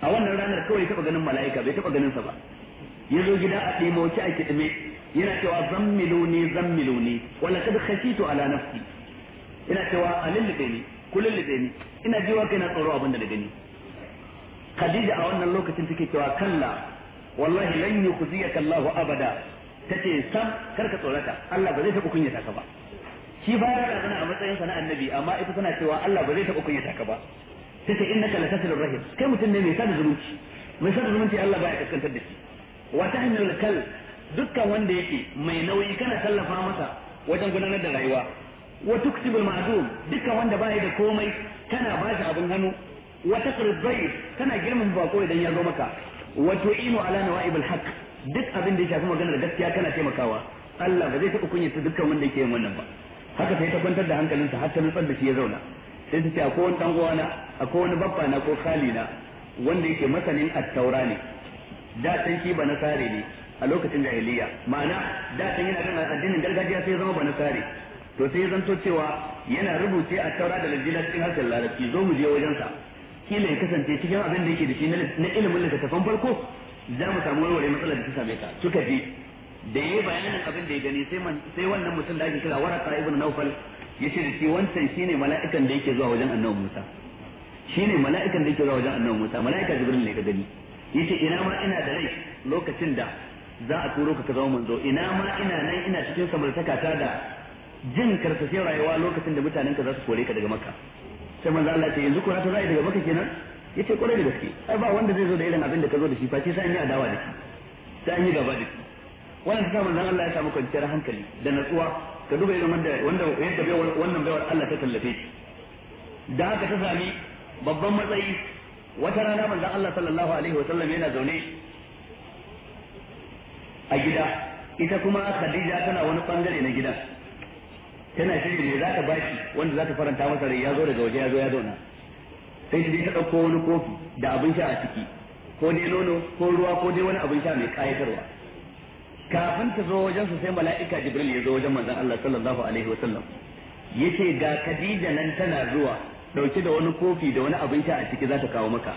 a wannan ranar kawai taba ganin mala'ika bai taba ganin sa ba ya zo gida a ɗimauci a kiɗime yana cewa zammiluni zammiluni wala kad khashitu ala nafsi yana cewa alillibe ne. kullun da ni ina jiwa kai na tsoro abin da na gani Khadija a wannan lokacin take cewa kalla wallahi lan yukhziyaka Allah abada tace sam karka tsorata Allah ba zai taɓa kunyata ka ba shi ba ya tana a matsayin sa na annabi amma ita tana cewa Allah ba zai taɓa kunyata ka ba tace innaka latasilur rahim kai mutum ne mai sada zumunci mai sada zumunci Allah ba ya kaskantar da shi wa tahmilul kal dukkan wanda yake mai nauyi kana tallafa masa wajen gudanar da rayuwa wa tuksibu al-ma'dum dukkan wanda bai da komai kana ba shi abin hannu wa taqri dhayf kana girman bako idan ya zo maka wa tu'inu ala nawa'ib al-haq duk abin da ya shafi maganar gaskiya kana taimakawa Allah ba zai taɓa kunyata dukkan wanda yake yin wannan ba haka sai ta kwantar da hankalinsa har ta nutsar da shi ya zauna sai ta ce akwai wani dan uwana akwai wani babba na ko khali na wanda yake masanin at-taura ne da san shi ba nasare ne a lokacin jahiliya ma'ana da san yana kan addinin gargajiya sai ya zama ba nasare to sai zan to cewa yana rubuce a taura da lajila cikin harshen larabci zo mu je wajensa kila ya kasance cikin abin da yake da shi na ilimin littattafan farko za mu samu warware matsalar da ta same ka suka je da yayi bayanin abin da ya gani sai sai wannan mutum da ake kira waraka ibn naufal yace da shi wancan shine mala'ikan da yake zuwa wajen annabi Musa shine mala'ikan da yake zuwa wajen annabi Musa mala'ika jibril ne ka gani yace ina ma ina da rai lokacin da za a turo ka ka zama manzo ina ma ina nan ina cikin samartaka ta da jin karkashin rayuwa lokacin da mutanen ka za su kore ka daga makka sai manzo Allah ce yanzu ko ta zai daga makka kenan yace kwarai da gaske ai ba wanda zai zo da irin abin da ka zo da shi face sai an yi adawa da shi sai an yi gaba da shi wannan ta manzo Allah ya samu kwanciyar hankali da natsuwa ka duba irin wanda wanda yadda bai wannan baiwar Allah ta tallafe shi da haka ta sami babban matsayi wata rana manzo Allah sallallahu alaihi wa sallam yana zaune a gida ita kuma Khadija tana wani bangare na gidan tana shirin me za ta bashi wanda za ta faranta masa rai ya zo daga waje ya zo ya zauna sai shi ta ɗauko wani kofi da abin sha a ciki ko dai nono ko ruwa ko dai wani abin sha mai kayatarwa kafin ta zo wajen su sai mala'ika jibril ya zo wajen manzon Allah sallallahu alaihi wa sallam yace ga Khadija nan tana zuwa dauke da wani kofi da wani abin sha a ciki za ta kawo maka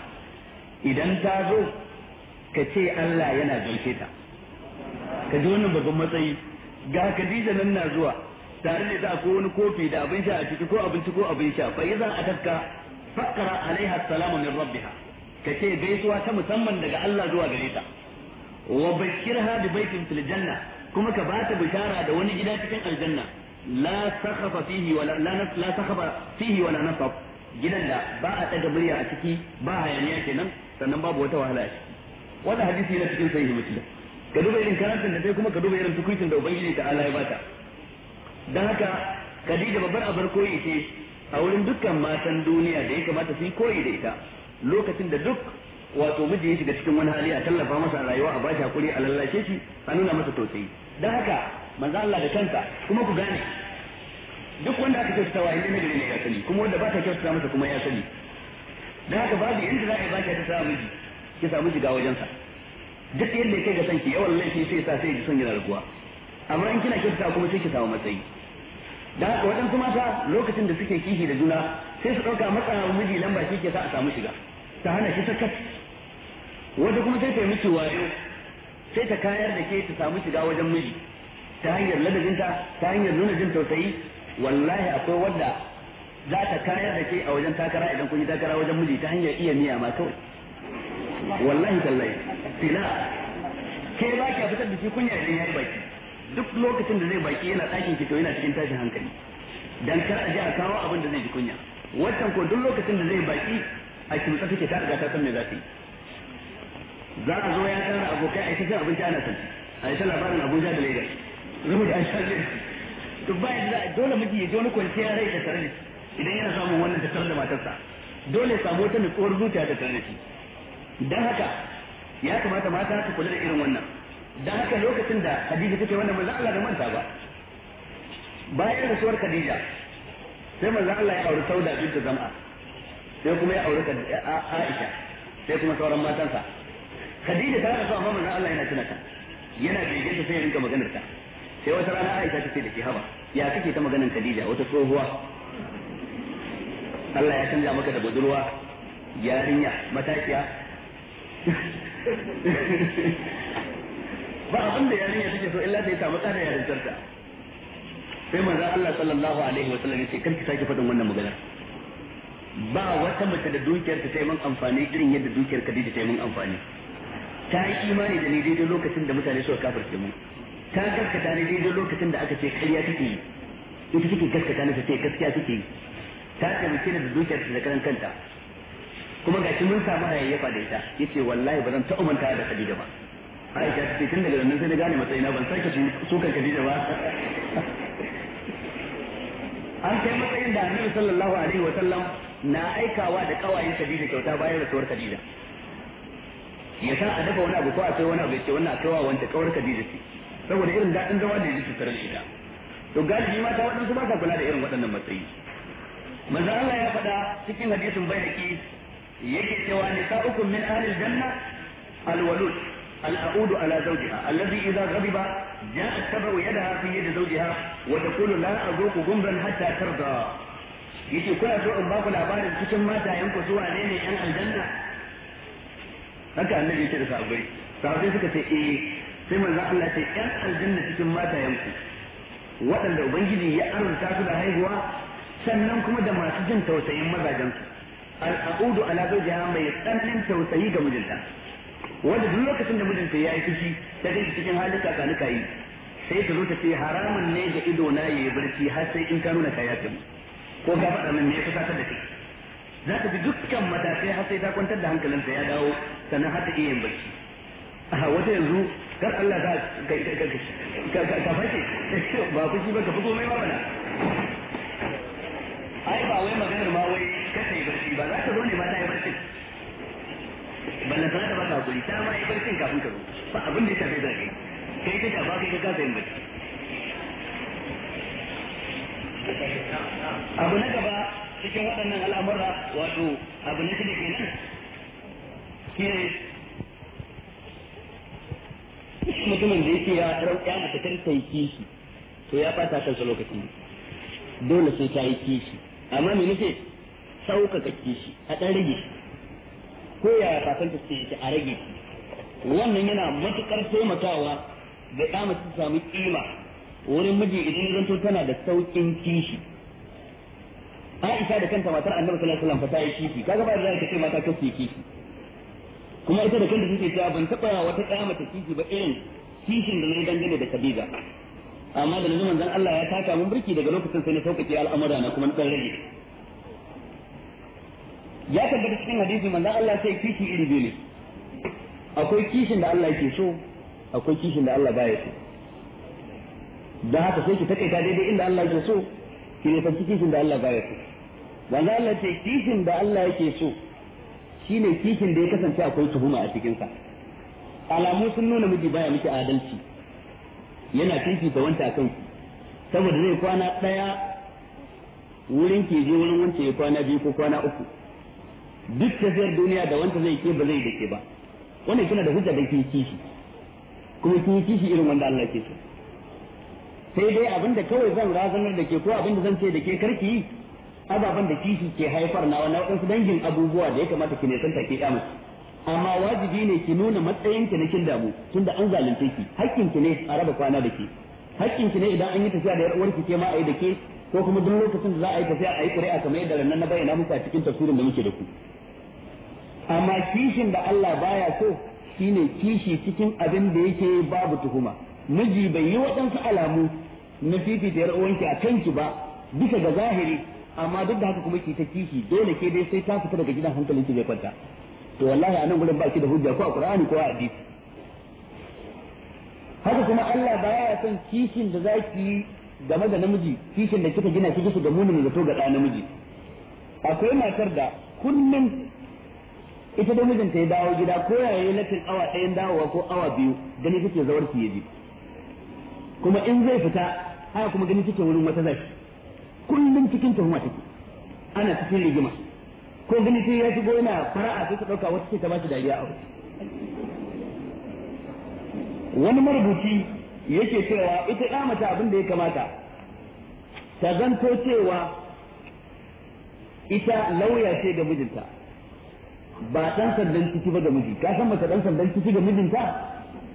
idan ta zo ka ce Allah yana gaishe ta ka ji wannan babban matsayi ga Khadija nan na zuwa tare da ita akwai wani kofi da abin sha a ciki ko abinci ko abin sha fa idan ataka fakkara alaiha salamu min rabbiha kace gaisuwa ta musamman daga Allah zuwa gare ta wa bashirha bi baitin fil janna kuma ka bata bishara da wani gida cikin aljanna la sakhafa fihi wa la la sakhafa fihi wala nasab gidan da ba a daga murya a ciki ba hayaniya kenan sannan babu wata wahala a ciki wannan hadisi yana cikin sahihi muslim ka duba irin karatun da sai kuma ka duba irin tukuncin da ubangiji ta Allah ya bata don haka Khadija babbar abar koyi ce a wurin dukkan matan duniya da ya kamata su yi koyi da ita lokacin da duk wato miji ya shiga cikin wani hali a tallafa masa a rayuwa a bashi hakuri a lallashe shi a nuna masa tausayi don haka manzo Allah da kanta kuma ku gane duk wanda aka kyautata wa inda nagari ne ya sani kuma wanda ba ka kyautata masa kuma ya sani don haka babu inda za a yi ba ta sa miji ki samu ga wajensa duk yadda ya kai ga sanki yawan laifi sai sa sai ji son yana raguwa amma in kina kyautata kuma sai ki samu matsayi da haka waɗansu mata lokacin da suke kishi da juna sai su ɗauka matsa miji lamba shi ke sa a samu shiga ta hana shi sakat wata kuma sai ta yi miki wayo sai ta kayar da ke ta samu shiga wajen miji ta hanyar ladajinta ta hanyar nuna jin tausayi wallahi akwai wadda za ta kayar da ke a wajen takara idan kun yi takara wajen miji ta hanyar iya miya ma kawai wallahi tallahi fila ke ba ki fitar da shi kunya idan ya yi baki duk lokacin da zai baki yana tashin ki to yana cikin tashin hankali dan kar a ji a kawo abin da zai ji kunya wancan ko duk lokacin da zai baki a kimtsa take ta riga ta san me za yi za a zo ya tara abokai a yi ta abinci ana san a yi ta labarin Abuja da Lagos zama da an sha to ba da dole miji ya ji wani kwanciyar rai da tare idan yana samun wannan da tare da matarsa dole ya samu wata nutsuwar zuciya da tare da dan haka ya kamata mata su kula da irin wannan da haka lokacin da Khadija take wannan manzo Allah da manta ba bayan rasuwar Khadija sai manzo Allah ya auri Sauda bint Zam'a sai kuma ya auri Aisha sai kuma sauran matansa Khadija ta rasu amma manzo Allah yana tunata yana bege ta sai rinka maganar ta sai wata rana Aisha ta ce da ke haba ya kake ta maganar Khadija wata tsohuwa Allah ya canja maka da budurwa yarinya matakiya (laughs) ba abin da yarinya take so illa sai ta matsa da ta. sai manzo Allah sallallahu alaihi wa sallam yace karki sake faɗin wannan magana ba wata mace da dukiyar ta taimakon amfani irin yadda dukiyar Khadija ta yi amfani ta yi imani da ni daidai lokacin da mutane suka kafirce mu ta gaskata ni daidai lokacin da aka ce kariya take yi ita take gaskata ni ta gaskiya take yi ta taimake ni da dukiyar ta da karan kanta kuma gashi mun samu hayayyafa da ita yace wallahi ba zan ta umanta da Khadija ba Aisha ta ce tun daga nan sai na gane matsayina ban sake sukar Khadija ba an kai matsayin da Annabi sallallahu alaihi wa sallam na aikawa da kawayen Khadija kyauta bayan rasuwar Khadija ya sa a dafa wani abu ko a sai wani abu ya ce wannan a kaiwa wanda kawar Khadija ce saboda irin daɗin zama da ya ji cutar ita to galibi mata waɗansu ba sa kula da irin waɗannan matsayi manzo Allah ya faɗa cikin hadisin bayhaqi yake cewa nisa'ukum min ahli aljanna alwalud ان الأعود على زوجها الذي إذا غضب جاءت تضع يدها في يد زوجها وتقول لا أذوق جمرا حتى ترضى يجي كل سوء الباب العبارة تسمى ماذا ينكو سوى أنين أنا الجنة هكا النبي يجي لصحابي صحابي سكا سيئي سيما الله الله سيئي أنا الجنة تسمى ماذا ينكو وطن لو بنجدي يأرض تاكد هاي هو سنن كما دما سجن توسعين ماذا جنكو الأعود على زوجها ما يتنن توسعي كمجلتا wanda duk lokacin da mijinta ya yi fushi ta gaji cikin halin kakanuka yi sai ta zo ta ce haramun ne ga ido na yi barci har sai in ka nuna kaya ta, ko ka faɗa min me ya kusa da kai za ta bi dukkan matakai har sai ta kwantar da hankalinta ya dawo sannan har ta iya yin barci a wata yanzu kar Allah za ka fashe ba fushi ba ka fi komai ba bana ai ba wai maganar ma wai yi barci ba za ta zo ne mata ballan sana da baka hakuri ta ma yi barcin kafin ka zo ba abin da ya shafe zaka kai ka shafa kai ka kasa yin barci abu na gaba cikin waɗannan al'amura wato abu na shida kenan shine mutumin da yake ya rauƙa mata kan ta yi kishi to ya fata kansa lokacin dole sai ta yi kishi amma me nake sauƙaƙa kishi a ɗan rage ko yaya fatan ta ce yake a rage wannan yana matukar taimakawa da da su samu kima wurin miji idan zanto tana da saukin kishi Aisha da kanta matar Annabi sallallahu alaihi wasallam fa ta yi kishi kaga ba da za ce mata kace kishi kuma ita da kanta take cewa ban taba wata da mace kishi ba irin kishin da zai dangane da Khadija amma da nan manzon Allah ya taka mun burki daga lokacin sai na sauƙaƙe al'amura na kuma na tsare rage ya tabbata cikin hadisi manzo Allah sai kishi iri biyu ne akwai kishin da Allah yake so akwai kishin da Allah baya so da haka sai ki takaita daidai inda Allah yake so ki ne sai kishin da Allah baya so manzo Allah ce kishin da Allah yake so shine kishin da ya kasance akwai tuhuma a cikin sa alamu sun nuna miji baya miki adalci yana kishi da wanta akan ku saboda zai kwana daya wurin ke je wurin wance ya kwana biyu ko kwana uku duk tafiyar duniya da wanda zai ke ba zai da ba wannan kina da hujja da kin kishi kuma kin kishi irin wanda Allah ke so sai dai abinda kawai zan razanar da ke ko abinda zan ce da ke karki ababen da kishi ke haifar na wani wadansu dangin abubuwa da ya kamata ki nisanta ke ya musu amma wajibi ne ki nuna matsayin ki na kin damu tunda an zalunce ki hakkin ki ne a raba kwana da ke hakkin ki ne idan an yi tafiya da yar uwarki ke ma a yi da ke ko kuma duk lokacin da za a yi tafiya a yi ƙuri'a kamar yadda nan na bayyana muku a cikin tafsirin da muke da ku amma kishin da Allah baya so shine kishi cikin abin da yake babu tuhuma miji bai yi waɗansu alamu na fifita da uwanki a kanki ba bisa ga zahiri amma duk da haka kuma ki ta kishi dole ke dai sai ta fita daga gidan hankalinki zai kwanta to wallahi anan gurin ba ki da hujja ko a Qur'ani ko a hadisi haka kuma Allah baya son kishin da zaki yi game da namiji kishin da kika gina kike su ga munin zato ga namiji akwai matar da kullum ita da mijinta ya dawo gida ko ya yi latin awa ɗayan dawowa ko awa biyu gani kake zawar ya ji kuma in zai fita haka kuma gani kake wurin wata zafi kullum cikin tuhuma take ana cikin rigima ko gani sai ya shigo yana fara'a sai ta ɗauka wata ce ta ba shi dariya a wani marubuci yake cewa ita ɗa mata abin da ya kamata ta zanto cewa ita lauya ce ga mijinta ba dan sandan ciki ba da miji ka san ba dan sandan ciki ga mijinta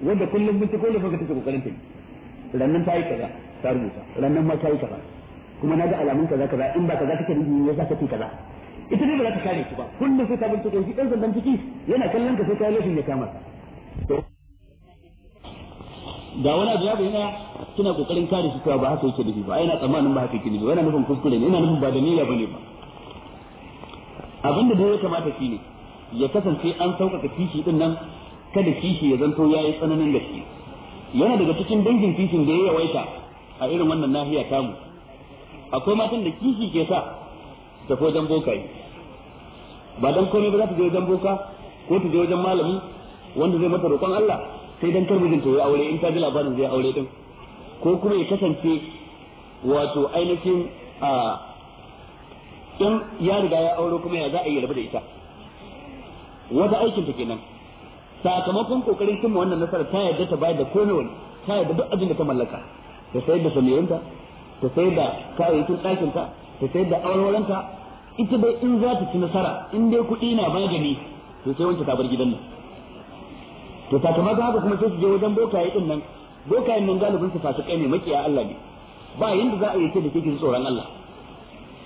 wanda kullum bincike ko ka take kokarin ta rannan ta yi kaza ta rubuta rannan ma ta yi kaza kuma na ga alamun kaza kaza in ba kaza take rubuta ya za ka kaza ita ne ba za ta kare ki ba kullum sai ta bincike shi dan sandan ciki yana kallon ka sai ta laifin ya kama to ga wani abu ya bayyana kina kokarin kare shi cewa ba haka yake shi ba ai na tsammanin ba haka yake nufi ba yana nufin kuskure ne yana nufin ba da niyya bane ba abinda da ya kamata shine ya kasance an sauƙaƙa kishi ɗin nan kada kishi ya zanto ya yi tsananin gaske yana daga cikin dangin kishin da ya yawaita a irin wannan nahiya tamu akwai matan da kishi ke sa ta fi wajen yi ba don komai ba za ta je wajen boka ko ta je wajen malami wanda zai mata roƙon Allah sai dan kar mijinta ya aure in ta ji labarin zai aure din ko kuma ya kasance wato ainihin a ah, in ya riga ya aure kuma ya za a yi rabu da ita wata aikin ta nan sakamakon kokarin cimma wannan nasara ta yarda ta bayar da komai wani ta yarda duk abin da ta mallaka ta sayar da samirinta ta sayar da kayayyakin ɗakinta ta sayar da awarwaranta ita dai in za ta ci nasara in dai kuɗi na magani to sai wanke ta bar gidan nan to sakamakon haka kuma sai su je wajen bokaye din nan bokayen nan galibin su fasikai ne makiya Allah ne ba yanda za a yi ta da kike tsoron Allah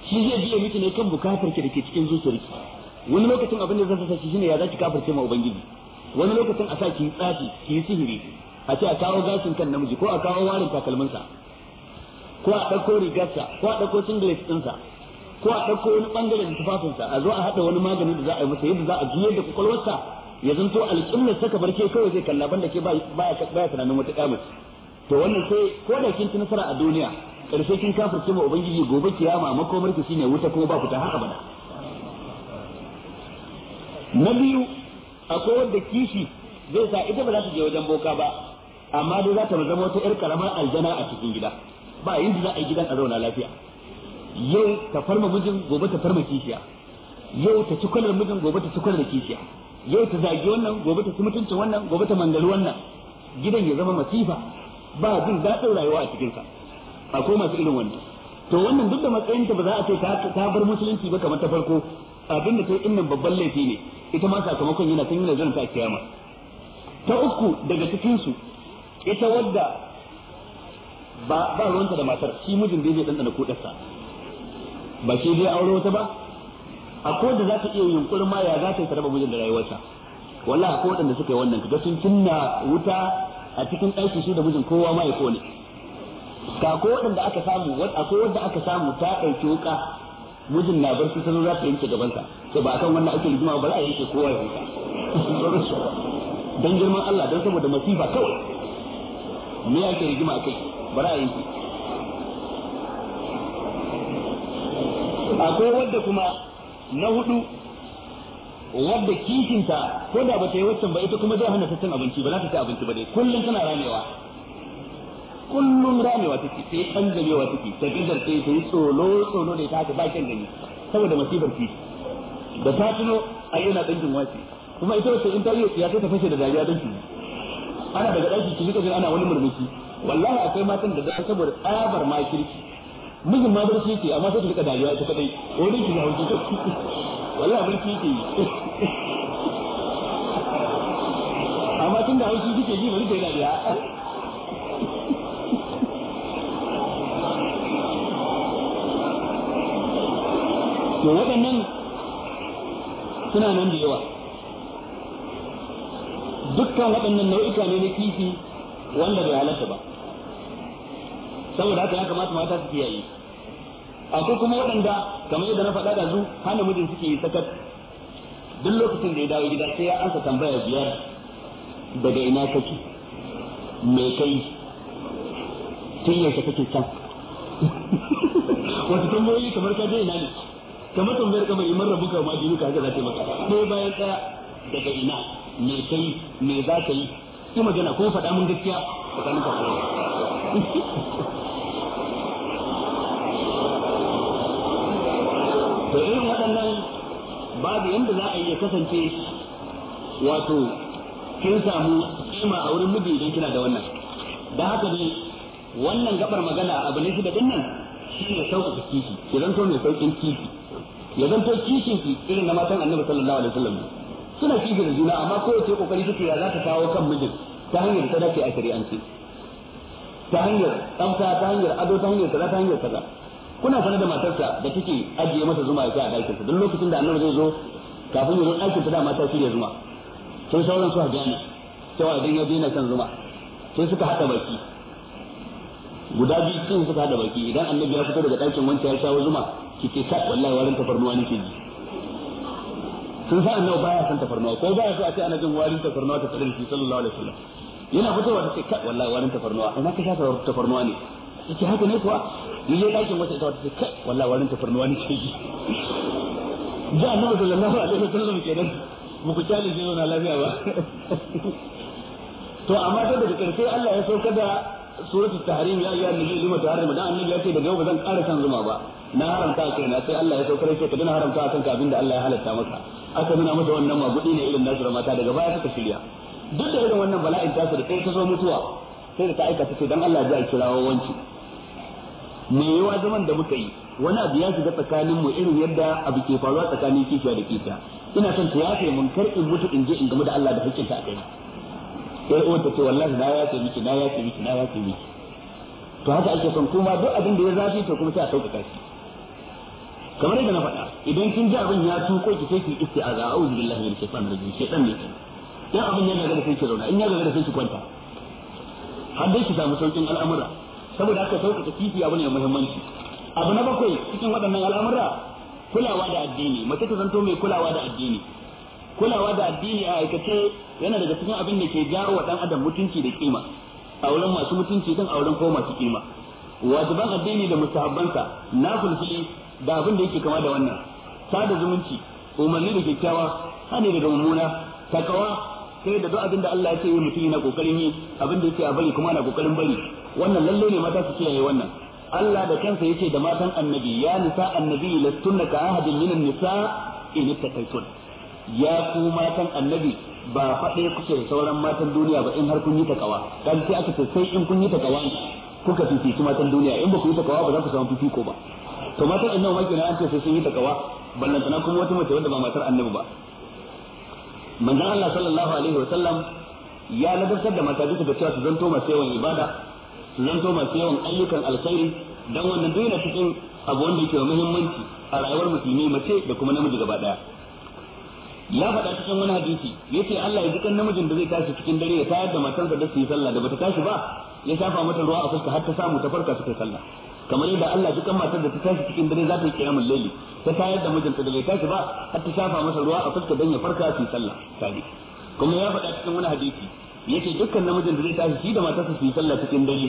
shi zai biya miki ne kan bukatar ki da ke cikin zuciyarki wani lokacin abin da zan saki shine ya zaki kafirce ma ubangiji wani lokacin a sa ki tsafi ki sihiri a ce a kawo gashin kan namiji ko a kawo warin takalminsa ko a ɗauko rigarsa ko a ɗauko singlet ɗinsa ko a ɗauko wani bangare da tufafinsa a zo a haɗa wani magani da za a yi masa yadda za a juyar da kwakwalwarsa ya zanto alƙiblar saka barke kawai zai kalla banda ke baya tunanin wata ƙamar to wannan sai ko da kin ci nasara a duniya ƙarshe kin kafirce ma ubangiji gobe kiyama makomarki shine wuta kuma ba ku ta haka bada na biyu akwai wanda kishi zai sa ita ba za ta je wajen boka ba amma dai za ta zama wata yar karamar aljana a cikin gida ba yin za a yi gidan a zauna lafiya yau ta farma mijin gobe ta farma kishiya yau ta ci kwalar mijin gobe ta ci kwalar kishiya yau ta zagi wannan gobe ta ci mutuncin wannan gobe ta mangali wannan gidan ya zama masifa ba jin daɗin rayuwa a cikinsa akwai masu irin wannan to wannan duk da matsayinta ba za a ce ta bar musulunci ba kamar ta farko abin da ta yi babban laifi ne ita ma sakamakon yana tun yana zanta kiyama ta uku daga cikin su ita wadda ba ba ruwanta da matar shi mijin da zai dandana kudarsa ba shi zai aure wata ba a da za ta iya yunkurin ma ya za ta yi ta raba mijin da rayuwarsa wallahi akwai waɗanda suka yi wannan kaga sun cinna wuta a cikin ɗaki shi da mijin kowa ma ya kone ka ko waɗanda aka samu akwai wanda aka samu ta ɗauki wuka mijin na su ta zo za ta yanke gabansa to ba kan wannan ake rigima ba za a yanke kowa ya don girman Allah don saboda masifa kawai me ake rigima akai ba za a yanke akwai wadda kuma na hudu wadda kishinta ko da ba ta yi waccan ba ita kuma zai hana ta cin abinci ba za ta ci abinci ba dai kullum tana ramewa kullum ramewa take sai kangamewa take ta gizar sai ta yi tsolo tsolo da ita haka ba kyan gani saboda masifar kishi da ta tuno a yana dangin wace kuma ita wacce in ta yi ya ta fashe da dariya danki ana daga daki ki rika ana wani murmushi wallahi akwai matan da za saboda tsabar ma kirki mijin ma barci yake amma sai ta rika dariya ita kadai wani shi na wuce wallahi barci yake (laughs) amma tun da haushi kike ji bari ta yi dariya (laughs) to waɗannan suna nan da yawa dukkan waɗannan nau'ika ne na kifi wanda bai halatta ba saboda haka ya kamata mata su kiyaye akwai kuma waɗanda kamar yadda na faɗa da zu hana mijin suke yi sakat duk lokacin da ya dawo gida sai ya ansa tambaya biyar daga ina kake me kai tun yaushe kake can (laughs) wata tambayoyi kamar ka je ina ne kamar bayar kamar imar rabuka ma ka haka za ta maka ɗaya bayan ɗaya daga ina me kai me za ka yi ki magana ko faɗa mun gaskiya kan ka da (laughs) irin waɗannan babu yadda za a yi ya kasance wato kin samu kima a wurin miji idan kina da wannan da haka ne wannan gabar magana abu ne shi da dinnan shi ne sauƙaƙa kifi idan zanto mai sauƙin kifi ya zanto kishin ki irin na matan annabi sallallahu alaihi wasallam suna kishin da juna amma yace kokari take ya za ta kawo kan mijin ta hanyar ta dace a shari'ance ta hanyar tsamta ta hanyar ado ta hanyar kaza ta hanyar kaza kuna sanar da matarsa da take ajiye masa zuma ya kai a dakin sa duk lokacin da annabi zai zo kafin ya zo dakin ta da mata shirya zuma sai sauran su gane cewa idan ya daina kan zuma sai suka haɗa baki guda biyu sun suka haɗa baki idan annabi ya fito daga ɗakin wancan ya shawo zuma kike ka wallahi warin tafarnuwa nake ji sun sa annabi baya san tafarnuwa ko baya so a ce ana jin warin tafarnuwa ta tare da shi sallallahu alaihi wasallam yana fitowa ta ce ka wallahi warin tafarnuwa amma ka shafa tafarnuwa ne kike haka ne kuwa ni je dakin wata ita wata ce ka wallahi warin tafarnuwa nake ji ji annabi sallallahu alaihi wasallam kenan muku kyale shi zauna lafiya ba to amma ta da karfe Allah ya sauka da suratul tahrim ya ayyuhan nabiyyu lima tuharrimu dan annabi ya ce daga yau ba zan ƙara san zuma ba na haramta kai na sai Allah ya saukar yake ka dana haramta akan ka abinda Allah ya halatta maka aka nuna masa wannan magudi ne irin nasu da mata daga baya suka shirya duk da irin wannan bala'in ta su da kai ta zo mutuwa sai da ta aika ta ce dan Allah ya kirawo wanki me yawa zaman da muka yi wani abu ya shiga tsakanin mu irin yadda abu ke faruwa tsakanin kishiya da kishiya ina son ta yafe mun kar in mutu in je in gamu da Allah da hakkin ta akai sai uwar ta ce wallahi na yafe miki na yafe miki na yafe miki to haka ake son kuma duk abin da ya zafi to kuma sai a sauka kashi. kamar yadda na faɗa idan kin ji abin ya tuko ki sai ki isti'aza a'udhu billahi min shaitanir rajim shaitan ne ya abin ya da sai ki zauna in ya da sai ki kwanta har dai ki samu saukin al'amura saboda haka sauƙaƙa kifi abu ne muhimmanci abu na bakwai cikin waɗannan al'amura kulawa da addini mace ta zanto mai kulawa da addini kulawa da addini a aikace yana daga cikin abin da ke jawo wa ɗan adam mutunci da kima a wurin masu mutunci din a wurin ko masu kima wajiban addini da musahabbansa na fulfili da abin da yake kama da wannan sada zumunci umarni da kyakkyawa hane daga mummuna takawa sai da duk abin da Allah ya ce mutum na kokarin yi abin da yake a bari kuma na kokarin bari wannan lalle ne mata su kiyaye wannan Allah da kansa yake da matan annabi ya nisa annabi lastunna ka ahadin minan nisa in takaitun ya ku matan annabi ba faɗe kuke da sauran matan duniya ba in har kun yi takawa dan sai aka ce sai in kun yi takawa kuka fifici matan duniya in ba ku yi takawa ba za ku samu ko ba to matar annabi maki na an ce sai sun yi takawa ballantana kuma wata mace wanda ba matar annabi ba manzon Allah sallallahu alaihi wa sallam ya ladabtar da mata duka da cewa su zanto masu yawan ibada su zanto masu yawan ayyukan alkhairi dan wannan duk yana cikin abu wanda yake da muhimmanci a rayuwar musulmi mace da kuma namiji gaba daya ya faɗa cikin wani hadisi yace Allah ya ji kan namijin da zai tashi cikin dare ya tayar da matarsa da su yi sallah da bata tashi ba ya shafa mata ruwa a fuska har ta samu ta farka suka sallah kamar yadda Allah shi kan matar da ta tashi cikin dare za ta yi kiyamul laili ta tayar da mijinta da bai tashi ba har ta shafa masa ruwa a fuska dan ya farka su sallah tare kuma ya faɗa cikin wani hadisi ce dukkan namijin da zai tashi shi da matarsa su yi sallah cikin dare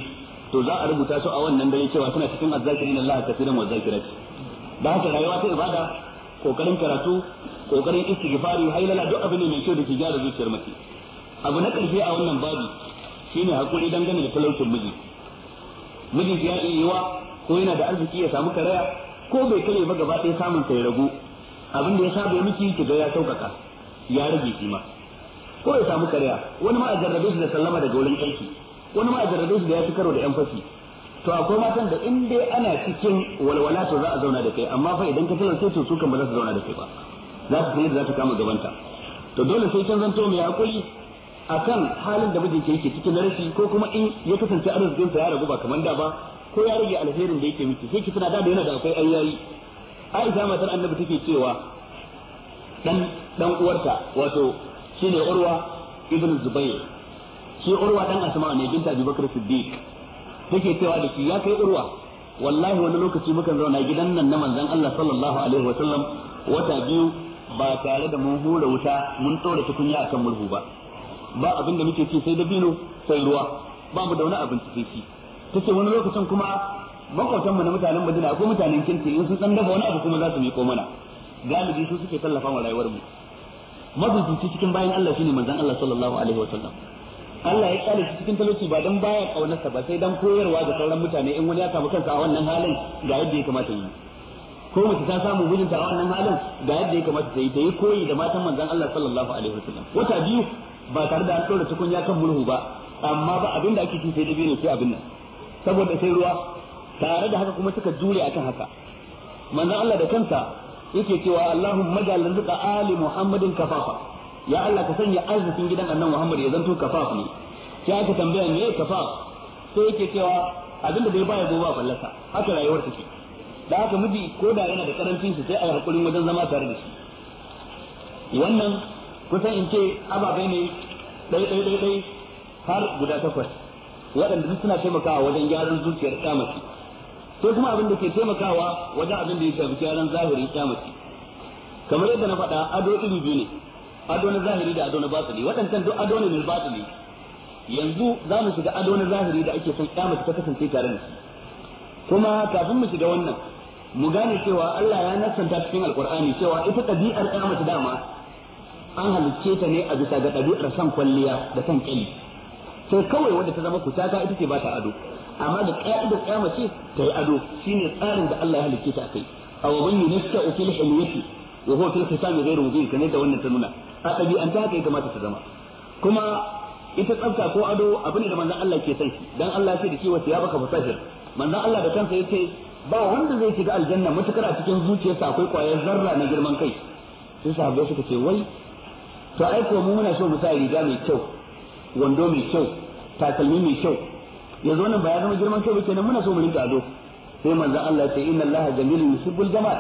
to za a rubuta su a wannan dare cewa suna cikin azzakirin Allah kafiran wa zakirati da haka rayuwa ta ibada kokarin karatu kokarin istighfari hailala duk abin mai kyau da ke gyara zuciyar mace abu na karshe a wannan babu shine hakuri dangane da talaucin miji miji ya iya yiwa ko yana da arziki ya samu karaya ko bai kare ba gaba ɗaya samun sai ragu abin da ya saba miki ki ga ya saukaka ya rage shi ma ko ya samu karaya wani ma a jarrabe shi da sallama daga wurin aiki wani ma a jarrabe shi da ya fi karo da yan fasi. to akwai matan da in dai ana cikin walwala to za a zauna da kai amma fa idan ka sai to su kan ba za su zauna da kai ba za su san da za ta kama gabanta to dole sai can zanto mai hakuri akan halin da mijinki yake cikin na rashi ko kuma in ya kasance arzikinsa ya ragu ba kamar da ba ko ya rage alherin da yake miki sai ki tana da yana da akwai yayi Aisha matar Annabi take cewa dan dan uwarta wato shine Urwa ibn Zubair shi Urwa dan Asma ne binta Abu Bakar Siddiq take cewa da shi ya kai Urwa wallahi wani lokaci mukan zauna gidan nan na manzan Allah sallallahu alaihi wasallam wata biyu ba tare da mun hura wuta mun tsora tukunya akan murhu ba ba abin da muke ci sai dabino sai ruwa ba mu da wani abinci sai shi tace wani lokacin kuma mu na mutanen Madina akwai mutanen Kinti in sun san dafa wani abu kuma za su miko mana galibi su suke tallafa wa rayuwar mu mazuci cikin bayan Allah shine manzon Allah sallallahu alaihi wa sallam Allah ya kare shi cikin talauci ba dan baya kaunarsa ba sai dan koyarwa ga sauran mutane in wani ya samu kansa a wannan halin ga yadda ya kamata yi ko mace ta samu mijinta a wannan halin ga yadda ya kamata ta yi ta yi koyi da matan manzon Allah sallallahu alaihi wa sallam wata biyu ba tare da an cikin ya kan murhu ba amma ba abin da ake ci da dabino sai abin nan saboda sai ruwa tare da haka kuma suka jure akan haka manzon Allah da kansa yake cewa Allahumma ja'al rizqa ali Muhammadin kafafa ya Allah ka sanya arzikin gidan annan Muhammad ya zanto kafaf ne sai aka tambaya me kafaf sai yake cewa da bai baya gobe ba fallasa haka rayuwar take da haka miji ko da yana da karancin shi sai a yi hakurin wajen zama tare da shi wannan kusan in ce ababai ne ɗai ɗai ɗai ɗai har guda takwas waɗanda duk suna taimakawa wajen gyaran zuciyar kyamaci sai kuma abin da ke taimakawa wajen abin da ya shafi gyaran zahirin kyamaci kamar yadda na faɗa ado iri biyu ne ado na zahiri da ado na batsali waɗancan duk ado ne na batsali yanzu za mu shiga ado na zahiri da ake son kyamaci ta kasance tare da shi kuma kafin mu shiga wannan mu gane cewa Allah ya nasanta cikin alkur'ani cewa ita ɗabi'ar kyamaci dama an halicce ta ne a bisa ga ɗabi'ar san kwalliya da san kyali sai kawai wanda ta zama kutaka ita ce ba ta ado amma da ƙa'idar ƙyama ce ta yi ado shine tsarin da Allah ya halicce ta kai. a wajen yunista a fil hulwati wa huwa fil khisami ghayr mubin kamar da wannan ta nuna a ɗabi'anta haka ya kamata ta zama kuma ita tsafta ko ado abu ne da manzon Allah ke son shi dan Allah sai da shi ya baka fasahir manzon Allah da kansa yace ba wanda zai shiga aljanna matukar a cikin zuciyarsa akwai kwayar zarra na girman kai sai sahabbai suka ce wai to ai ko mu muna so mu sa riga mai kyau wando mai kyau takalmi mai kyau yanzu nan ba ya zama girman kai ba kenan muna so mu rinka ado sai manzon Allah ya ce inna Allah jamilun yuhibbul jamal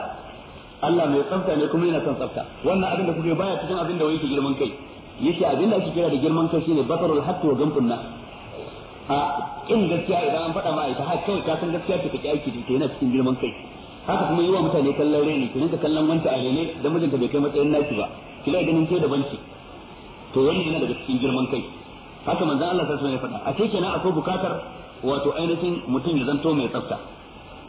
Allah mai tsafta ne kuma yana son tsafta wannan abin da kuke baya cikin abin da yake girman kai yake abin da ake kira da girman kai shine basarul haqqi wa gamfun a in gaskiya idan an faɗa ma'aikata, ita kawai kai ka san gaskiya ta kake aiki ke yana cikin girman kai haka kuma yi wa mutane kallon reni ki rinka kallon wancan a rene da mijinta bai kai matsayin naki ba kina ganin ke daban ce to wannan yana daga cikin girman kai haka manzon Allah sallallahu alaihi ya faɗa a ce kenan akwai bukatar wato ainihin mutum ya zanto mai tsafta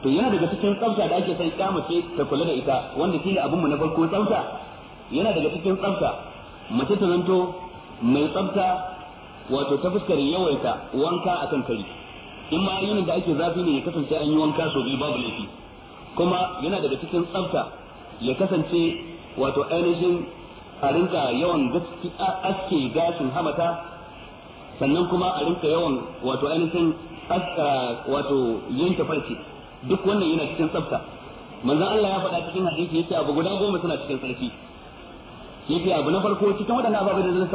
to yana daga cikin tsafta da ake son kyamace ta kula da ita wanda shine abin mu na farko tsafta yana daga cikin tsafta mace ta zanto mai tsafta wato ta fuskar yawaita wanka akan kari in ma yin da ake zafi ne ya kasance an yi wanka so biyu babu laifi kuma yana daga cikin tsafta ya kasance wato ainihin a rinka yawan aske gashin hamata sannan kuma a rinka yawan wato ainihin wato yanke farce duk wannan yana cikin tsafta manzon Allah ya faɗa cikin hadisi yace abu guda goma suna cikin sarki yace abu na farko cikin waɗannan ababai da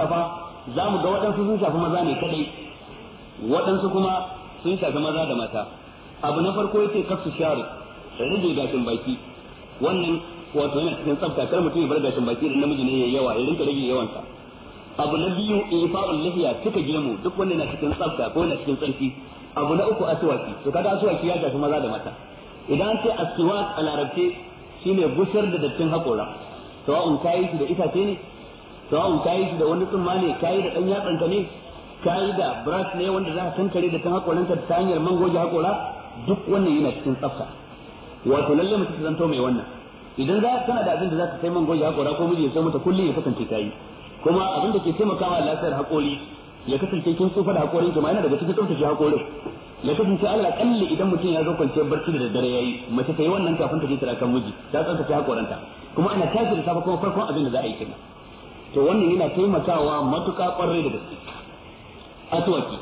zan za mu ga waɗansu sun shafi maza ne kadai waɗansu kuma sun shafi maza da mata abu na farko yace kafsu share rage gashin baki wannan wato yana cikin tsafta kar mutum ya bar gashin baki da namiji ne yayi yawa ya rinka rage yawan sa abu na biyu ifa'ul lahiya tuka gemu duk wanda yana cikin tsafta ko yana cikin tsarki abu na uku aswaki to kaga aswaki ya shafi maza da mata idan an ce aswak a larabce shine gushar da dattin hakora sawa'un kayi shi da itace ne sawa'un kayi shi da wani tsumma ne kayi da dan yatsanka ne kayi da brass ne wanda za a kankare da kan hakoranka ta hanyar mangoji hakora duk wannan yana cikin tsafta wato lalle mutum zanto mai wannan idan za kana da abin da za ka sai man goge hakora ko miji ya sai mata kullum ya kasance kayi. kuma abin da ke taimakawa lafiyar hakori ya kasance kin tsufa da hakorin ki yana daga cikin tsaftace hakori. ya kasance Allah kalli idan mutum ya zo kwanciyar barci da daddare yayi mace ta yi wannan kafin ta je tara kan miji ta tsaftace hakoranta kuma ana tashi da safe kuma farkon abin da za a yi kenan to wannan yana taimakawa matuƙa kwarai da gaske tuwaki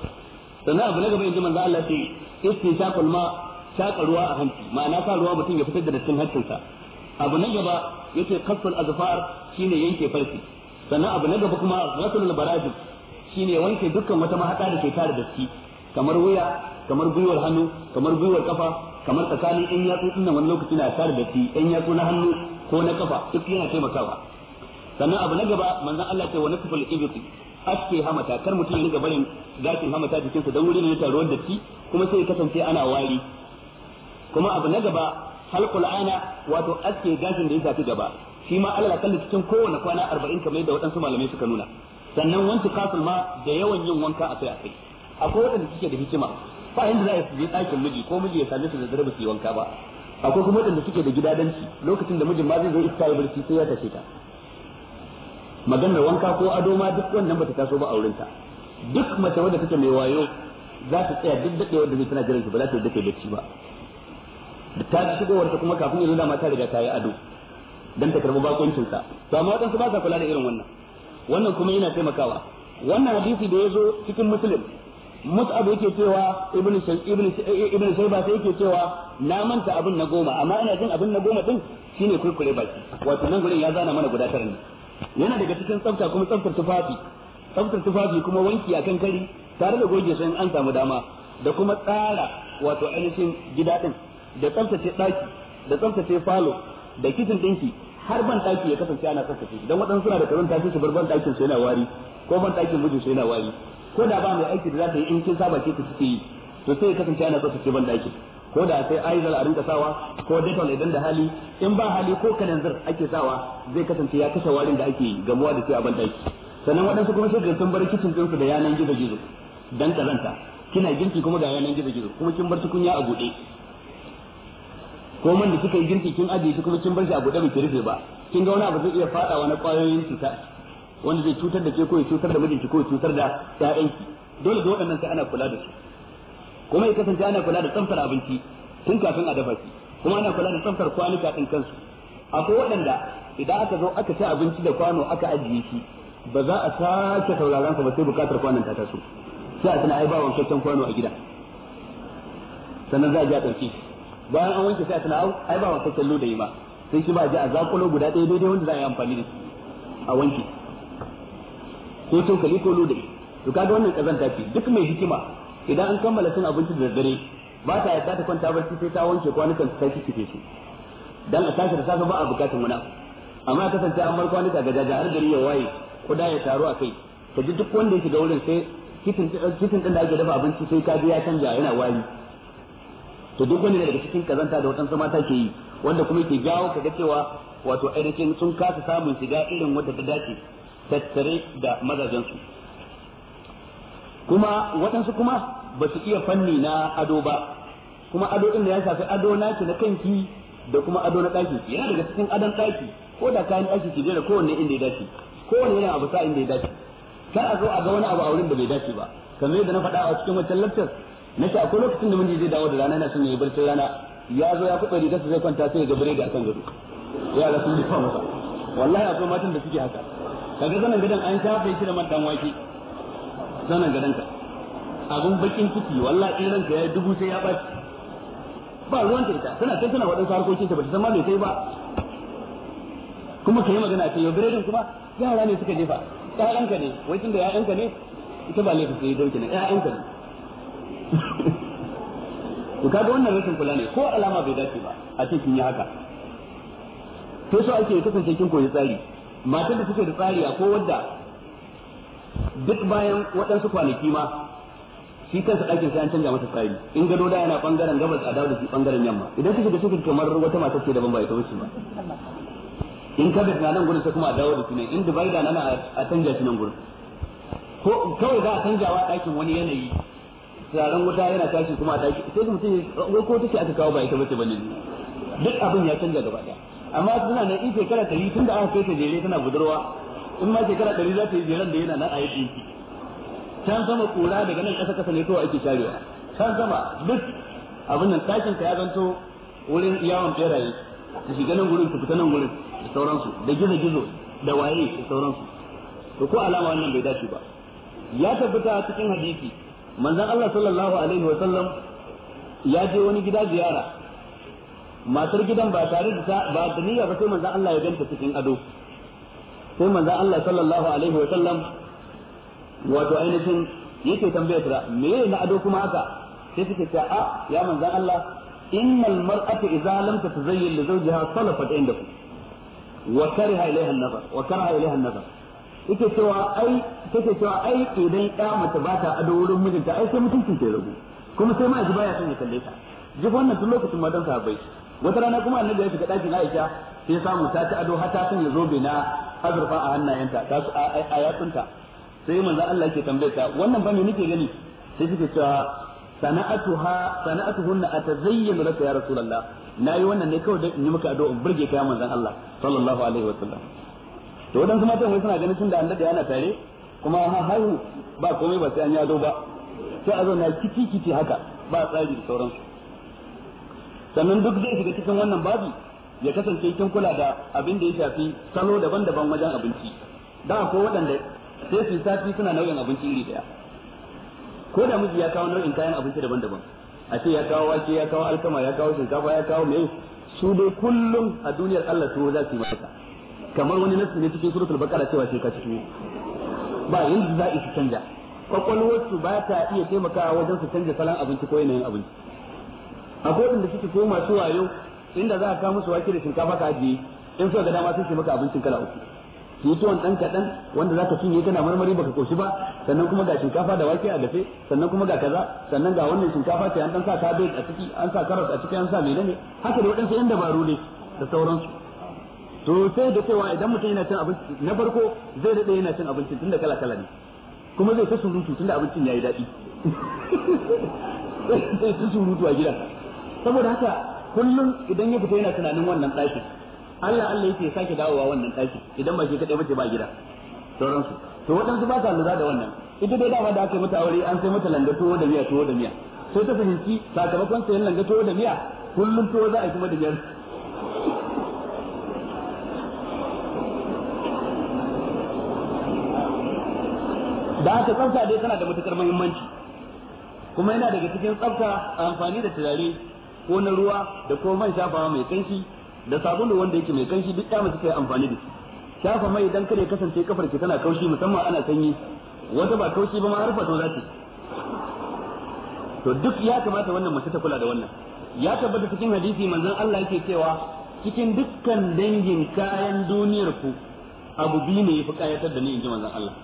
sannan abu na gaba yanzu manzo Allah ce istinshaqul ma shaƙa ruwa a hanci ma'ana sa ruwa mutum ya fitar da dattin hancinsa abu na gaba yake kasful azfar shine yanke farki sannan abu na gaba kuma rasulul barajin shine wanke dukkan wata mahada da ke tare da shi kamar wuya kamar gwiwar hannu kamar gwiwar kafa kamar tsakanin yan yatsu nan wani lokaci na tare da shi yan yatsu na hannu ko na kafa duk yana taimakawa sannan abu na gaba manzon Allah ce wa nasful ibti aske hamata kar mutum ya riga barin gashin hamata jikinsa don wuri ne ya taruwar da shi kuma sai ya kasance ana wari kuma abu na gaba halqul ana wato aske gashin da ya shafi gaba shi ma alal akalli cikin kowane kwana 40 kamar yadda waɗansu malamai suka nuna sannan wanki kasul ma da yawan yin wanka a kai a kai akwai waɗanda suke da hikima ba inda za su je ɗakin miji ko miji ya same su da dare su yi wanka ba akwai kuma waɗanda suke da gidadanci lokacin da mijin ma zai zo iska ya barci sai ya tashe ta maganar wanka ko ado ma duk wannan bata taso ba a wurin ta, duk mace wanda take mai wayo za ta tsaya duk daɗewa da zai tana jiran ba za ta yi daɗe bacci ba ta shigowarta kuma kafin yanzu dama ta riga ta yi ado dan ta karbi bakuncin to amma wadansu ba sa kula da irin wannan wannan kuma yana taimakawa wannan hadisi da ya zo cikin muslim mus'ab yake cewa ibn ibn ibn shayba sai yake cewa na manta abin na goma amma ina jin abin na goma din shine kurkure baki wato nan gurin ya zana mana gudatar tara ne yana daga cikin tsafta kuma tsaftar tufafi tsaftar tufafi kuma wanki akan kari tare da goge sai an samu dama da kuma tsara wato ainihin gida din da tsaftace daki da tsaftace falo da kitchen dinki har ban daki ya kasance ana tsaftace shi dan waɗansu suna da karanta su su bar ban dakin su yana wari ko ban dakin mijin su yana wari ko da ba mai aiki da za ta yi in kin saba ke ta suke yi to sai ya kasance ana tsaftace ban ɗakin ko da sai aizal a rinka sawa ko detol idan da hali in ba hali ko kananzir ake sawa zai kasance ya kashe warin da ake gamuwa da shi a ban daki sannan waɗansu kuma sai sun bar kicin ɗinsu da yanan gizo gizo dan kazanta kina girki kuma ga yanan gizo gizo kuma kin bar tukunya a buɗe ko man da suka yi girki kin ajiye su kuma kin bar shi a guda bai rufe ba kin ga wani abu zai iya fada na kwayoyin cuta wanda zai cutar da ke ko ya cutar da mijinki ko ya cutar da ƴaƴanki dole ga waɗannan sai ana kula da su kuma ya kasance ana kula da tsaftar abinci tun kafin a dafa shi kuma ana kula da tsaftar kwanuka din kansu akwai waɗanda idan aka zo aka ci abinci da kwano aka ajiye shi ba za a sake sauraron sa ba sai bukatar kwanon ta taso sai a tana ai ba wancan kwano a gida sannan za a ji a ɗauke shi bayan an wanke sai a sana'au ai ba wanke kallo da yi ba sai shi ba a ji a zakulo guda ɗaya daidai wanda za a yi amfani da shi a wanke ko tokali ko ludayi to kaga wannan kazanta ce duk mai hikima idan an kammala cin abinci da daddare ba ta yadda ta kwanta barci sai ta wanke kwanukan ta kike su dan a tashi da safe ba a bukatun wani amma a kasance an bar kwanuka ga jaja har gari ya waye kuda ya taru a kai ka ji duk wanda ya shiga wurin sai kitin din da ake dafa abinci sai ka ya canja yana wari to duk wani daga cikin kazanta da waɗansu mata ke yi wanda kuma ke jawo kaga cewa wato ainihin sun kasa samun shiga irin wadda ta dace tattare da mazajensu kuma waɗansu kuma ba su iya fanni na ado ba kuma ado ɗin da ya shafi ado naki na kanki da kuma ado na ɗaki yana daga cikin adon ɗaki ko da kayan ɗaki ki jera kowanne inda ya dace kowanne yana abu sa inda ya dace kar a zo a ga wani abu a wurin da bai dace ba kamar yadda na faɗa a cikin wancan lantar nace akwai lokacin da mun je zai dawo da rana yana son yi barcin rana ya zo ya kuɓe rigar zai kwanta sai ga biredi akan gado ya ga sun fa masa wallahi akwai matan da suke haka kaga zanan gadan an shafe shi da man dan wake zanan gadan ka abun bakin ciki wallahi in ranka yayi dubu sai ya baci ba ruwan ta ita tana sai tana wadansu ba ta bata san ma me kai ba kuma kai magana ta yau biredin kuma yara ne suka jefa ƴaƴanka ne wai tunda ƴaƴanka ne ita ba laifi sai dauke ne ƴaƴanka ne ku kaga wannan rashin kula ne ko alama bai dace ba a ce kin yi haka to so ake kasance kin koyi tsari matan da suke da tsari a ko wadda duk bayan waɗansu kwanaki ma shi kansa ɗakin sai an canja masa tsari in gado da yana bangaren gabas a dawo da shi bangaren yamma idan kike da sukin kamar wata mata ce daban ba ita wuce ba in ka na nan gurin sai kuma a dawo da shi ne in divider na nan a canja shi nan gurin ko kawai za a canjawa ɗakin wani yanayi turaren wuta yana tashi kuma a tashi sai mutum wai ko take aka kawo ba ita bace bane duk abin ya canza gaba daya amma suna nan in shekara ɗari tun da aka kai ta jere tana budurwa in ma shekara ɗari za ta yi jeren da yana nan a yi can sama kura daga nan ƙasa ƙasa ne kawai ake sharewa can sama duk abin nan tashin ka ya zanto wurin yawon beraye su shiga nan gurin su fita nan gurin da sauransu da gizo-gizo da waye da sauransu to ko alama wannan bai dace ba ya tabbata cikin hadisi manzon Allah sallallahu alaihi wa sallam ya je wani gida ziyara matar gidan ba tare da ba da niyya ba sai manzon Allah ya ganta cikin ado sai manzon Allah sallallahu alaihi wa sallam wato ainihin yake tambaya ta me na ado kuma haka sai take ta a ah, ya manzon Allah innal mar'atu idza lam tatazayyin li zawjiha salafat indakum wa karaha ilaiha an-nazar wa karaha ilaiha an-nazar yake cewa ai take cewa ai idan ya mace ba ta ado wurin mijinta ai sai mutunci ke rabu kuma sai ma'aji baya son ya kalle ta duk wannan tun lokacin madan sahabbai wata rana kuma annabi ya shiga dakin Aisha sai ya samu ta ci ado har ta sanya zobe na azurfa a hannayenta ta a yatsunta sai manzo Allah ke tambaye ta wannan bane nake gani sai take cewa sana'atuha sana'atuhunna atazayyanu laka ya rasulullah nayi wannan ne kawai dan in yi maka ado in burge ka ya manzo Allah sallallahu alaihi wasallam to wadansu matan wai suna ganin tunda annabi yana tare kuma ha haihu ba komai ba sai an yado ba sai a zauna kici kici haka ba tsari da sauransu sannan duk zai shiga cikin wannan babi ya kasance kin kula da abin da ya shafi salo daban-daban wajen abinci da akwai waɗanda sai su sati suna nau'in abinci iri daya ko da miji ya kawo nau'in kayan abinci daban-daban a ce ya kawo wake ya kawo alkama ya kawo shinkafa ya kawo mai su dai kullum a duniyar Allah su za su yi masa kamar wani nasu ne cikin suratul baqara cewa sai ka ci ba yanzu za su canja kwakwalwarsu ba ta iya taimakawa wajen su canja salon abinci ko yanayin abinci A akwai da suke koma su wayo inda za a kawo musu wake da shinkafa ka ajiye in suka ga dama sun abincin kala uku su yi tuwon ɗan kaɗan wanda za ka cinye kana marmari baka koshi ba sannan kuma ga shinkafa da wake a gafe sannan kuma ga kaza sannan ga wannan shinkafa ce an ɗan sa kabej a ciki an sa karas a ciki an sa menene haka da waɗansu yan dabaru ne da sauransu to sai da cewa idan mutum yana cin abinci na farko zai daɗe yana cin abinci tun da kala kala ne kuma zai ta surutu tun da abincin ya yi daɗi (laughs) zai ta surutu a gidan saboda haka kullum idan ya fita yana tunanin wannan ɗakin Allah Allah yake sake dawowa wannan ɗakin idan ba shi kaɗai ce ba gida sauransu to waɗansu ba sa lura da wannan ita dai dama da aka yi mata aure an sai mata langa tuwo da miya tuwo da miya sai ta fahimci sakamakon sayan langa tuwo da miya kullum tuwo za a yi kuma da miyar da haka tsafta dai tana da matukar muhimmanci kuma yana daga cikin tsafta amfani da turare ko na ruwa da ko man shafawa mai kanshi da sabulu wanda yake mai kanshi duk ya mace kai amfani da shi shafa mai idan kare kasance kafar ki tana kaushi musamman ana sanyi wata ba kaushi ba ma har fato za to duk ya kamata wannan mace ta kula da wannan ya tabbata cikin hadisi manzon Allah yake cewa cikin dukkan dangin kayan duniyar ku abu biyu ne ya fi kayatar da ni in ji manzon Allah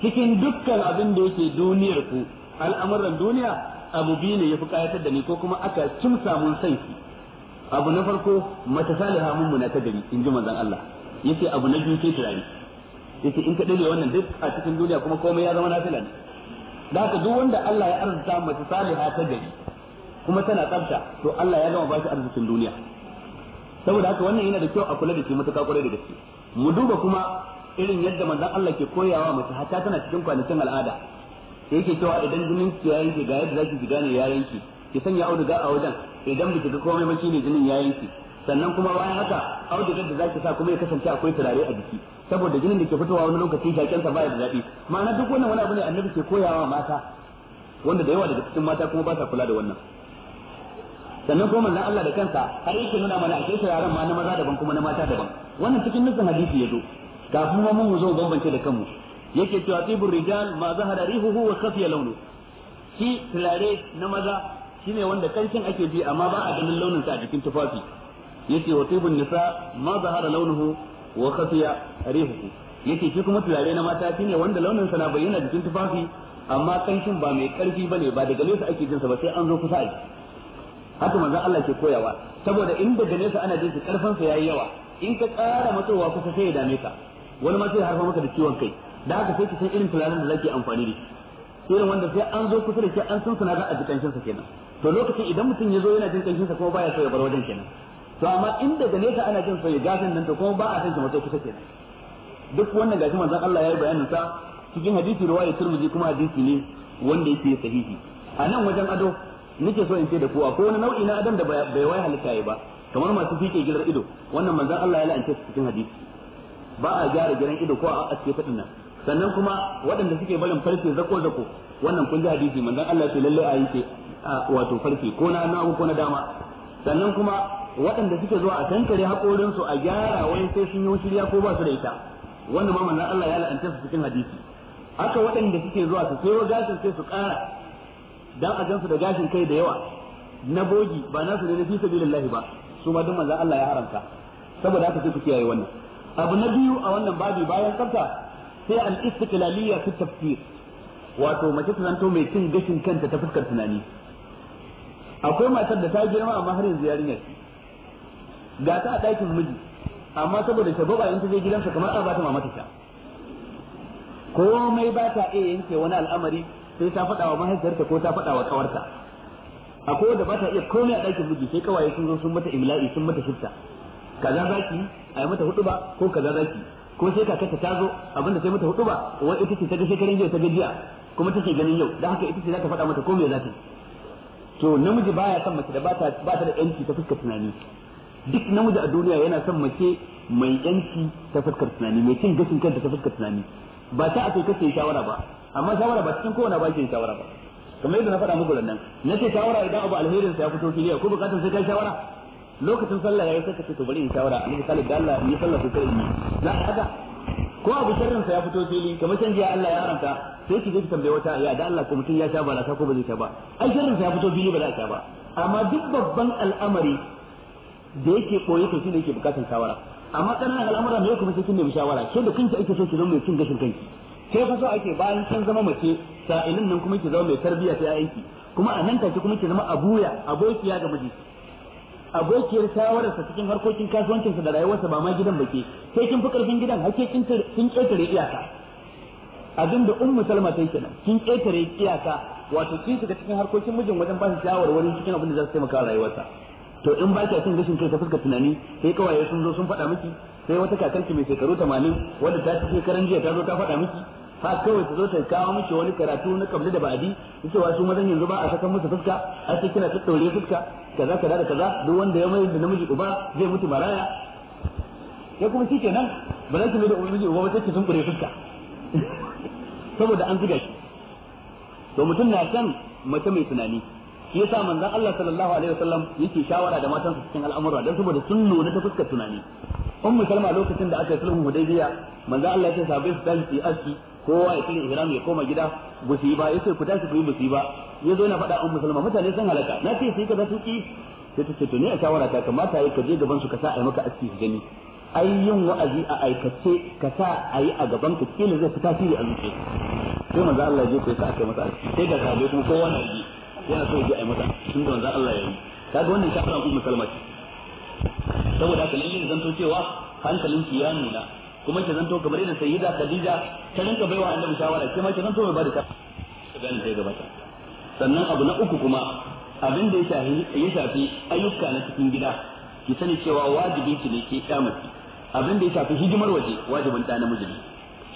cikin dukkan abin da yake duniyar ku al'amuran duniya abu biyu ne yafi kayatar da ni ko kuma aka cin samun san ki abu na farko mata saliha mun muna ta gari in ji manzon Allah yace abu na biyu sai tunani yace in ka dade wannan duk a cikin duniya kuma komai ya zama nafila ne da haka duk wanda Allah ya arzuta mata saliha ta gari kuma tana tsafta to Allah ya gama ba shi arzikin duniya saboda haka wannan yana da kyau a kula da shi mutaka kwarai da gaske mu duba kuma irin yadda manzon Allah ke koyawa mace hatta tana cikin kwanakin al'ada sai yake cewa idan jinin ki ya yanke ga yadda zaki ji gane ya yanke ki sanya auduga a wajen idan biki ga komai ba shine jinin yayin yanke sannan kuma bayan haka audugar da zaki sa kuma ya kasance akwai turare a jiki saboda jinin da ke fitowa wani lokaci shakensa sa baya da daɗi ma'ana duk wannan wani abu ne annabi ke koyawa mata wanda da yawa daga cikin mata kuma ba sa kula da wannan sannan kuma manzon Allah da kansa har yake nuna mana a cikin yaran ma na maza daban kuma na mata daban wannan cikin nufin hadisi ya zo kafin mu mu zo bambance da kanmu yake cewa tibur rijal ma zahara rihuhu wa khafiya launu shi turare na maza shine wanda kancin ake ji amma ba a ganin launin sa a jikin tufafi yake wa tibun nisa ma zahara launuhu wa khafiya rihuhu yake shi kuma turare na mata shine wanda launin sa na bayyana jikin tufafi amma kancin ba mai karfi bane ba daga nesa ake jin sa ba sai an zo kusa a haka manzon Allah ke koyawa saboda in daga nesa ana jin sa karfin sa yayi yawa in ka ƙara matsowa kusa sai ya dame ka wani ma sai harfa maka da ciwon kai da haka sai ki san irin tulalan da zaki amfani da shi irin wanda sai an zo kusa da ke an san sana za a ji kanshin sa kenan to lokacin idan mutum ya zo yana jin kanshin sa kuma baya so ya bar wajen kenan to amma in daga nesa ana jin so ya gasan nan to kuma ba a san shi mutum kusa kenan duk wannan gashi manzon Allah ya yi bayanin sa cikin hadisi riwaya Tirmidhi kuma hadisi ne wanda yake sahihi a nan wajen ado nake so in ce da ku ko wani nau'i na adam da bai wai halitta ba kamar masu fike gidar ido wannan manzon Allah ya la'anta cikin hadisi ba a gyara gidan ido ko a aske fadin nan sannan kuma waɗanda suke barin farce zako zako wannan kun ji hadisi manzon Allah sai lalle a ce wato farce ko na nagu ko na dama sannan kuma waɗanda suke zuwa a tankare hakorin su a gyara wani sai sun yi shirya ko ba su da ita wannan ma manzon Allah ya la'anta su cikin hadisi haka waɗanda suke zuwa su sayo gashin sai su ƙara dan a gansu da gashin kai da yawa na bogi ba nasu ne na fi sabilillahi ba su ma duk manzon Allah ya haramta saboda haka sai ku kiyaye wannan abu na biyu a wannan babi bayan tsafta sai an istiqlaliyya fi tafsir wato mace ta zanto mai cin gashin kanta ta fuskar tunani akwai matar da ta girma amma har yanzu yarinya ga ta a ɗakin miji amma saboda shagwaba in ta je gidansa kamar a bata mamata ta komai ba ta iya yanke wani al'amari sai ta faɗa mahaifiyarta ko ta faɗawa wa kawarta akwai da ba ta iya komai a ɗakin miji sai kawaye sun zo sun mata imla'i sun mata shifta kaza za ki a yi mata hudu ba ko kaza zaki ko sai kakarta ta zo abinda sai mata hudu ba wai ita ce ta ga shekarun jiya ta gajiya kuma take ganin yau da haka ita ce za ta faɗa mata ko me za ta to namiji baya son mace da ba ta ba ta da yanci ta fuskar tunani duk namiji a duniya yana son mace mai yanci ta fuskar tunani mai cin gashin kanta ta fuskar tunani ba ta a kai kace shawara ba amma shawara ba cikin kowane ba ke shawara ba kamar yadda na faɗa muku nan na ce shawara idan abu alherin sa ya fito filiya ko bukatar sai kai shawara lokacin sallah yayi sai ka ce to bari in shawara annabi sallallahu alaihi wasallam yi sallah ko kai ni za a haka ko abu sharrin sa ya fito fili kamar san jiya Allah ya haramta sai ki je ki tambaye wata ya da Allah ko mutum ya sha ba ta ko ba zai sha ba ai sharrin sa ya fito fili ba za a ba amma duk babban al'amari da yake koyi to shine yake bukatar shawara amma kana al'amura ne kuma sai kin nemi shawara ke da kinki ake so ki zama mai cin gashin kanki sai fa so ake bayan kin zama mace sa'ilin nan kuma ki zama mai tarbiyya ta yanki kuma a nan take kuma ki zama abuya abokiya ga miji abokiyar shawararsa cikin harkokin kasuwancinsa da rayuwarsa ba ma gidan bake sai kin fi karfin gidan har kin kin ƙetare iyaka abin da ummu salma ta yi kin ƙetare iyaka wato kin shiga cikin harkokin mijin wajen ba shi shawarwarin cikin abin da za su taimaka rayuwarsa to in ba kya cin gashin kai ta fuskar tunani sai kawaye sun zo sun faɗa miki sai wata kakarki mai shekaru 80 wanda ta ci shekaran jiya ta zo ta faɗa miki ha kawai ta zo ta kawo miki wani karatu na kabli da ba'adi cewa su mazan yanzu ba a saka musu fuska a sai kina tattaure fuska kaza kaza da kaza duk wanda ya mai da namiji uba zai mutu maraya ya kuma shi kenan ba za ki mai da namiji uba ba sai ki tunkure fuska saboda an ziga shi to mutum na san mace mai tunani shi yasa manzon Allah sallallahu alaihi wasallam yake shawara da matansa cikin al'amura dan saboda sun nuna ta fuskar tunani ummu salma lokacin da aka yi sulhun hudaybiya manzon Allah ya ce sabai su yi aski kowa ya cikin ihram ya koma gida musiba yace ku tashi ku yi musiba zo yana faɗa an musulma mutane sun halaka na ce sai ka da tuki? sai ta ce to ne a shawara ta kamata yi ka je gaban su ka sa a maka aski su gani ai yin wa'azi a aikace ka sa a yi a gaban ka kila zai fi tasiri a zuciya sai manzo Allah ya je ko sa aka masa aski sai ga sabai kuma kowa na yi yana so ya yi masa tun da manzo Allah ya yi kaga wannan shawara ummu salma ce saboda haka lalle zan to cewa hankalinki ya nuna kuma ki zanto kamar irin sayyida khadija ta rinka baiwa annabi shawara ke ma zanto mai bada ta gane sai gabata sannan abu na uku kuma abin da ya shafi shafi ayyuka na cikin gida ki sani cewa wajibi ki ne ke kyamati abin da ya shafi hidimar waje wajibin ta namiji ne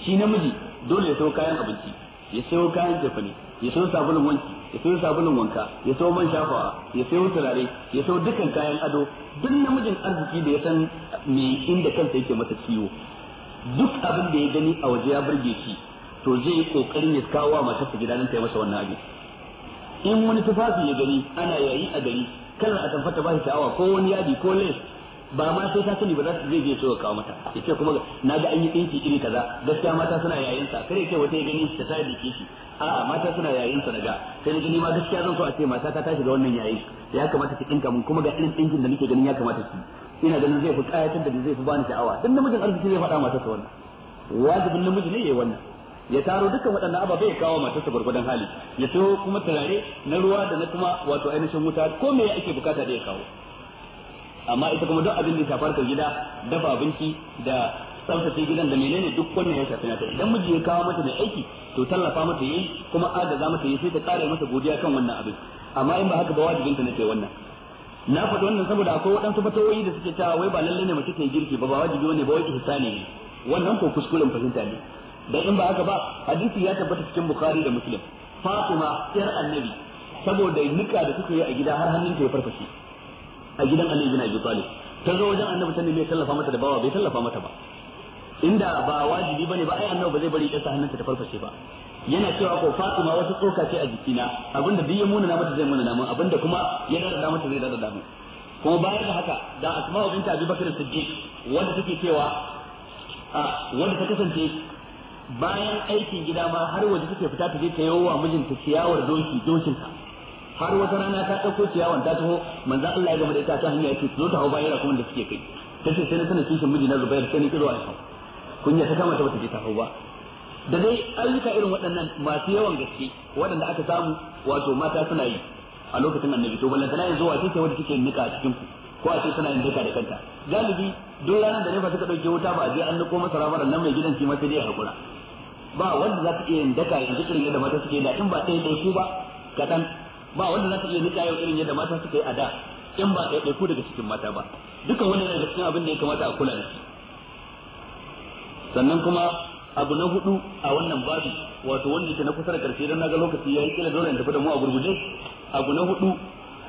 shi namiji dole ya sayo kayan abinci ya sayo kayan tafani ya sayo sabulun wanki ya sayo sabulun wanka ya sayo man shafawa ya sayo turare ya sayo dukkan kayan ado duk namijin arziki da ya san me inda kansa yake masa ciwo duk abin da ya gani a waje ya burge shi to zai yi kokarin ya kawo wa ta gida nan ta yi masa wannan abin in wani tufafi ya gani ana yayi a gari kana a tamfata ba shi sha'awa ko wani yadi ko lace ba ma sai ta sani ba za ta zai je ya kawo mata ce kuma na ga an yi dinki iri kaza gaskiya mata suna yayin sa kare kai wata ya gani ta ta dike shi a'a mata suna yayin sa ga. sai gani ma gaskiya zan so a ce mata ta tashi ga wannan yayin ya kamata ta ɗinka mun kuma ga irin ɗinkin da nake ganin ya kamata ki ina ganin zai fi kayatar da zai fi bani sha'awa duk namijin arziki zai faɗa matarsa wannan wajibin namiji ne yayi wannan ya taro dukkan waɗannan ababai ya kawo matarsa gwargwadon hali ya so kuma turare na ruwa da na kuma wato ainihin wuta ko me ake bukata da ya kawo amma ita kuma duk abin da ya shafar ka gida dafa abinci da tsaftace gidan da menene duk wannan ya shafi nata idan miji ya kawo mata da aiki to tallafa mata yayi kuma za mata yayi sai ta kare masa godiya kan wannan abin amma in ba haka ba wajibinta ta nake wannan na faɗi wannan saboda akwai waɗansu fatawoyi da suke cewa wai ba lalle ne mace ta yi girki ba ba wajibi ne ba wai ihsani ne wannan ko kuskuren fahimta ne dan in ba haka ba hadisi ya tabbata cikin bukhari da muslim fatima yar annabi saboda nika da suka yi a gida har hannun ta ya farfashe a gidan annabi ibn abi talib ta zo wajen annabi ta nemi tallafa mata da bawa bai tallafa mata ba inda ba wajibi bane ba ai annabi ba zai bari ƙasa sa hannunta ta farfashe ba yana cewa ko Fatima wata tsoka ce a jikina abinda duk ya na mata zai na mun abinda kuma ya dada mata zai dada mun kuma bayan da haka da Asma'u binta Abi Bakr Siddiq wanda take cewa a wanda ta kasance bayan aikin gida ma har waje take fita ta je ta yawa mijinta ciyawar doki dokin ka har wata rana ta dauko ciyawar ta taho manzo Allah ya gama da ita ta hanya yake zo ta hau bayan kuma da suke kai tace sai na sanin kishin mijina Zubair sai ni kiro a kun ya ta kama ta bata je ta hau ba da dai ayyuka irin waɗannan masu yawan gaske waɗanda aka samu wato mata suna yi a lokacin annabi to ballan tana yanzu wace ce wanda take nika a cikin ku ko a ce suna yin duka da kanta galibi duk ranar da nefa suka ɗauke wuta ba a je an niko masa ba nan mai gidan shi ma sai dai hakura ba wanda za ta iya yin daka yanzu irin yadda mata suke da in ba ɗaya ɗaya su ba kaɗan ba wanda za ta iya nika yau irin yadda mata suke yi a da in ba ɗaya ɗaya ku daga cikin mata ba dukan wannan da cikin abin da ya kamata a kula da shi sannan kuma abu na hudu a wannan babi wato wanda ke na kusa da karshe don naga lokaci ya yi kila dole in tafi da mu a gurguje abu na hudu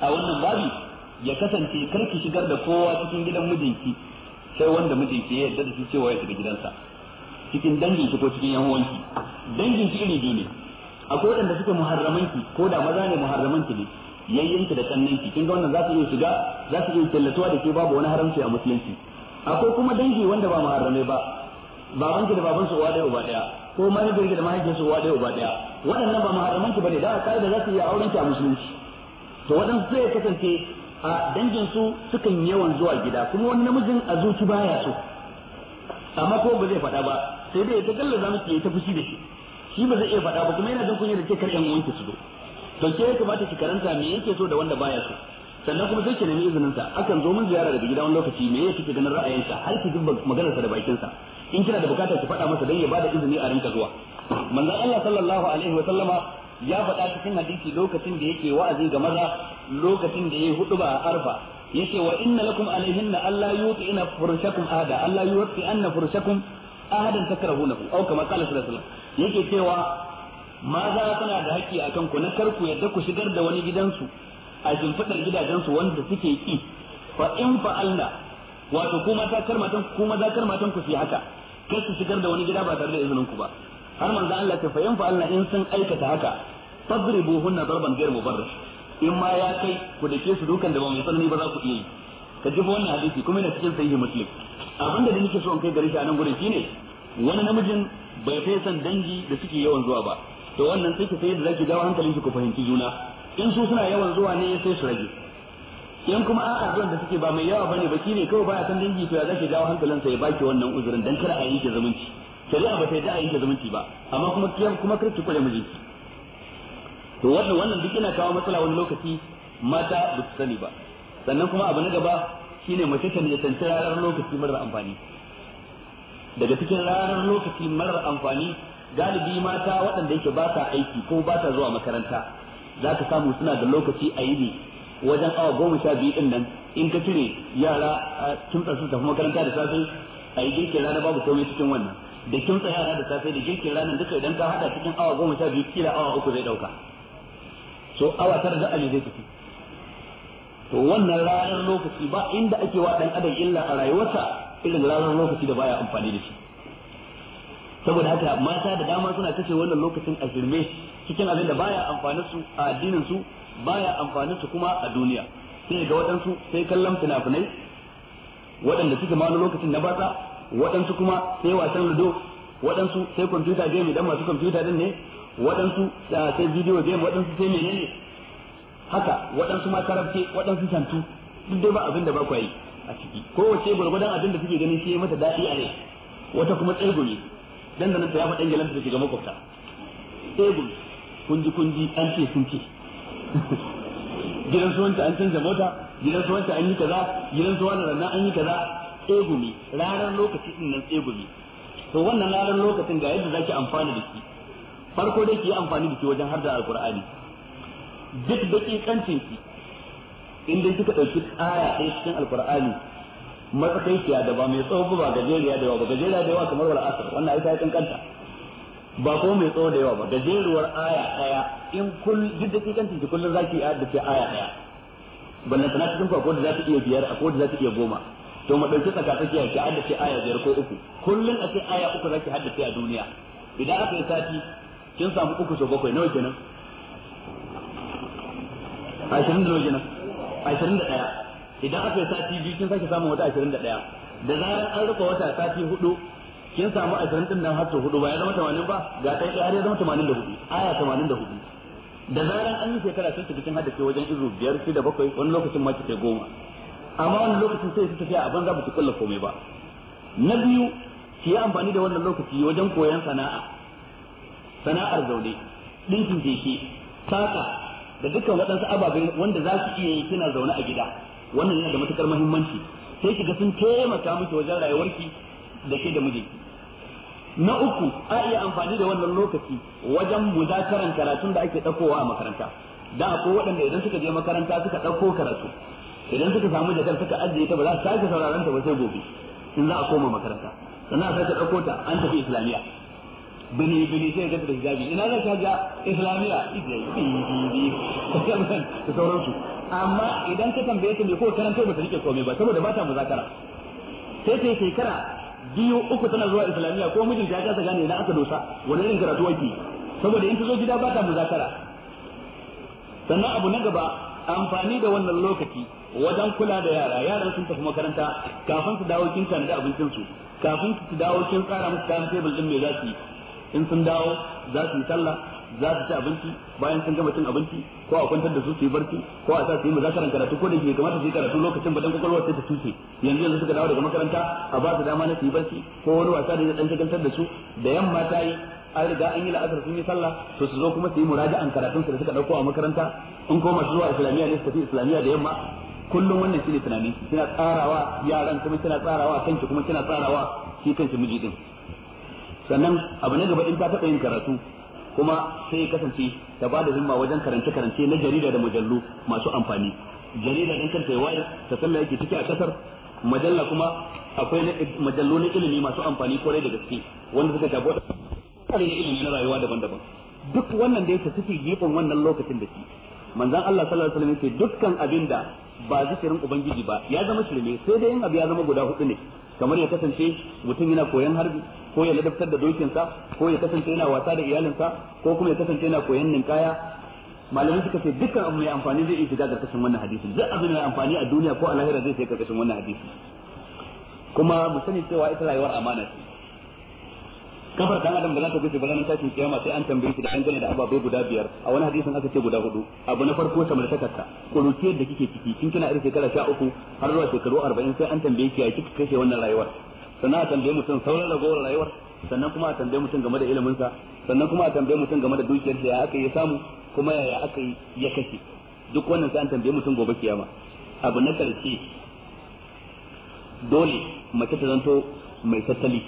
a wannan babi ya kasance kar ki shigar da kowa cikin gidan mijinki sai wanda mijinki ya yarda da shi cewa ya shiga gidansa cikin dangin ki ko cikin yan uwanki dangin ki iri biyu ne akwai waɗanda suke muharramanki ko da maza ne muharramanki ne yayyanki da ki kin ga wannan za su iya shiga za su iya tallatuwa da ke babu wani haramci a musulunci akwai kuma dangi wanda ba muharrame ba babanki da babansu uwa ɗaya uba ɗaya ko mahaifiyarki da mahaifiyarsu uwa ɗaya uba ɗaya waɗannan ba ba bane da aka da za su iya auren a musulunci to waɗansu sai kasance a dangin su sukan yawan zuwa gida kuma wani namijin a zuci baya so amma ko ba zai faɗa ba sai dai ta gallaza zamu ta fushi da shi shi ba zai iya faɗa ba kuma yana jin kunya da ke kar uwanki su zo to ke ya kamata ki karanta me yake so da wanda baya so sannan kuma sai ki nemi izinin sa akan zo mun ziyara daga gida wani lokaci me yake kike ganin ra'ayinsa har ki ji maganarsa da bakin sa in kina da bukatar ki faɗa masa don ya bada izini a rinka zuwa manzon Allah sallallahu alaihi wa sallama ya faɗa cikin hadisi lokacin da yake wa'azi ga maza lokacin da yayi hudu ba a arfa yace wa inna lakum alaihinna alla yuti'na furushakum ahada alla yuti'anna furushakum ahadan takrahunahu aw kama qala sallallahu alaihi wasallam yake cewa maza suna da haƙƙi akan ku na karku yadda ku shigar da wani gidansu a shimfidar gidajensu wanda suke ki fa in fa'alna wato kuma mata karmatan ku maza karmatan ku fi haka kar su shigar da wani gida ba tare da izinin ku ba har manzo Allah ta fayan fa Allah in sun aikata haka hunna darban ghayr mubarrih in ma ya kai ku dake su dukan da ba mai tsanani ba za ku iya yi ka ji wannan hadisi kuma yana cikin sahihi muslim abinda da nake so in kai gari shi a nan gurin shine wani namijin bai kai san dangi da suke yawan zuwa ba to wannan sai ki sai da zaki dawo hankalinki ku fahimci juna in su suna yawan zuwa ne sai su rage in kuma a'a zuwan da suke ba mai yawa bane ba ne kawai baya san dangi to ya zaki jawo hankalinsa ya baki wannan uzurin dan kar a yi yanke zumunci shari'a ba ta yi da a ki zumunci ba amma kuma kiyam kuma kar ki kula mijinki to wannan wannan duk yana kawo matsala wani lokaci mata ba su sani ba sannan kuma abu na gaba shine mace ta ne tantar ranar lokaci marar amfani daga cikin ranar lokaci marar amfani galibi mata waɗanda yake ba ta aiki ko ba ta zuwa makaranta za ka samu suna da lokaci a yi ne wajen awa goma sha biyu din nan in ka cire yara a kimtsa su tafi makaranta da safe a yi girkin rana babu komai cikin wannan da kimtsa yara da safe da girkin rana duka idan ka haɗa cikin awa goma sha biyu kila awa uku zai ɗauka. so awa tara da ali zai tafi to wannan ranar lokaci ba inda ake wa dan adam illa a rayuwarsa irin ranar lokaci da baya amfani da shi saboda haka mata da dama suna kashe wannan lokacin a cikin abin da baya amfanin su a addinin su baya amfani su kuma a duniya sai ga waɗansu sai kallon fina-finai waɗanda suke ma lokacin na batsa waɗansu kuma sai wasan ludo waɗansu sai kwamfuta game idan masu kwamfuta din ne waɗansu ah, sai bidiyo game waɗansu sai menene haka waɗansu ma karabce waɗansu santu duk dai ba abin da ba ku yi a ciki kowace gwargwadon abin da suke ganin shi ya mata daɗi a rai wata kuma tsegumi dan da nan ta ya ɗan gilanta da shiga makwabta tsegumi kunji kunji an ce sun ce gidan su wanta an canza mota gidan su wanta an yi kaza gidan su wani ranar an yi kaza tsegumi ranar lokaci din nan tsegumi to wannan ranar lokacin ga yadda zaki amfani da shi farko dai ki yi amfani da shi wajen harda da alkur'ani duk dakikancin ki in dai kika dauki aya a cikin alkur'ani matsakaiciya da ba mai tsawo ba gajeriya da ba gajeriya da yawa kamar wal asr wannan ai ya kanta ba ko mai tsawo da yawa ba gajeruwar aya daya in kul duk da kikan ta kullun zaki ya da ke aya daya bannan tana cikin ko da zaki iya biyar a ko da zaki iya goma to mu dauki tsaka tsakiya ki haddace aya biyar ko uku kullun a ce aya uku zaki haddace a duniya idan aka yi sati kin samu uku so bakwai nawa kenan ashirin da nawa kenan ashirin da daya idan aka yi sati biyu kin sake samun wata ashirin da daya da zarar an rufe wata sati hudu kin samu 20 din nan har to hudu ba ya zama 80 ba ga kai har ya zama 84 aya 84 da zaran an yi shekara sun tafi cikin haddace wajen izu biyar shi da bakwai wani lokacin ma kike goma amma wani lokacin sai su tafiya a za mu ci kulla komai ba na biyu ki yi amfani da wannan lokaci wajen koyon sana'a sana'ar zaune ɗinkin keke saka da dukkan waɗansu ababe wanda za su iya yi kina zaune a gida wannan yana da matukar muhimmanci sai ga sun taimaka miki wajen rayuwarki da ke da mijinki na uku a iya amfani da wannan lokaci wajen muzakaran karatun da ake ɗaukowa a makaranta da ko waɗanda idan suka je makaranta suka ɗauko karatu idan suka samu jakar suka ajiye ta ba za su sake sauraron ta ba sai gobe in za a koma makaranta sannan a sake ɗauko ta an tafi Islamiya. bini bini sai ga da hijabi ina za ka ga islamiyya ta (laughs) da sauransu amma idan ka tambaye ta me ko karanta ba ta rike komai ba saboda ba ta muzakara sai ta shekara biyu uku tana zuwa islamiyya ko mijinta ya kasa gane idan aka dosa wani irin karatu wake saboda in ta zo gida ba ta muzakara sannan abu na gaba amfani da wannan lokaci wajen kula da yara yaran sun tafi makaranta kafin su dawo kin tanada abincin su kafin su dawo kin tsara musu kayan tebul din me za su yi in sun dawo za su yi sallah za su ci abinci bayan sun gama cin abinci ko a kwantar da su su yi barci ko a sa su yi muzakaran karatu ko da ke kamata su yi karatu lokacin badan kwakwalwa sai ta tuke yanzu yanzu suka dawo daga makaranta a ba su dama na su yi barci ko wani wasa da ya ɗan shagaltar da su da yamma ta yi an riga an yi la'asar sun yi sallah to su zo kuma su yi muraja'an karatun su da suka dauko a makaranta in ko masu zuwa islamiyya ne su tafi islamiyya da yamma kullum wannan shine tunani kina tsarawa yaran kuma kina tsarawa kanki kuma kina tsarawa shi kanki miji din sannan abu na gaba in ta taɓa yin karatu kuma sai ya kasance ta ba da himma wajen karance karance na jarida da mujallu masu amfani jarida din kanta wayar ta sallah yake ciki a kasar majalla kuma akwai majallu na ilimi masu amfani kwarai da gaske wanda suka shafi wadda ilimi na rayuwa daban-daban duk wannan da yake suke gefen wannan lokacin da shi manzon Allah sallallahu alaihi wasallam yake dukkan abin da ba zikirin ubangiji ba ya zama shirme sai dai in abu ya zama guda hudu ne kamar ya kasance mutum yana koyon harbi ko ya ladabtar da dokinsa ko ya kasance yana wasa da iyalinsa ko kuma ya kasance yana koyon ninkaya malamai suka ce dukkan abu mai amfani zai iya shiga karkashin wannan hadisi duk abu mai amfani a duniya ko a lahira zai shiga karkashin wannan hadisi kuma mu sani cewa ita rayuwar amana ce kafar dan adam da za ta gushe ba ta tashin kiyama sai an tambaye shi da an gane da ababai guda biyar a wani hadisin aka ce guda hudu abu na farko samar ta kasa kurutiyar da kike ciki kin kina irin shekara sha uku har zuwa shekaru arba'in sai an tambaye ki ya kike kashe wannan rayuwar sannan a tambaye mutum sauran ragowar rayuwar sannan kuma a tambaye mutum game da iliminsa sannan kuma a tambaye mutum game da dukiyar ya aka yi samu kuma ya aka yi ya kashe duk wannan sai an tambaye mutum gobe kiyama abu na karshe dole mace ta zanto mai tattali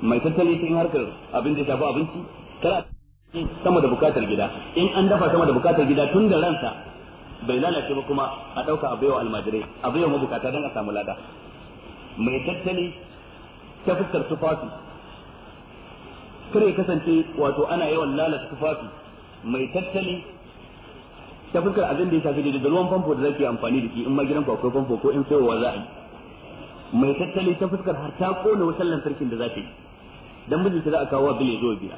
mai tattali in harkar abin da shafi abinci kar sama da bukatar gida in an dafa sama da bukatar gida tun da ransa bai lalace ba kuma a ɗauka a baiwa almajirai a baiwa mabukata don a samu lada mai tattali ta fuskar tufafi kar ya kasance wato ana yawan lalata tufafi mai tattali ta fuskar abin da ya shafi da ruwan famfo da zaki amfani da shi in ma gidan ku akwai famfo ko in sayowa za a yi mai tattali ta fuskar har ta kone wutar lantarkin da za ta yi dan mijinta za a kawo wa bil ya zo biya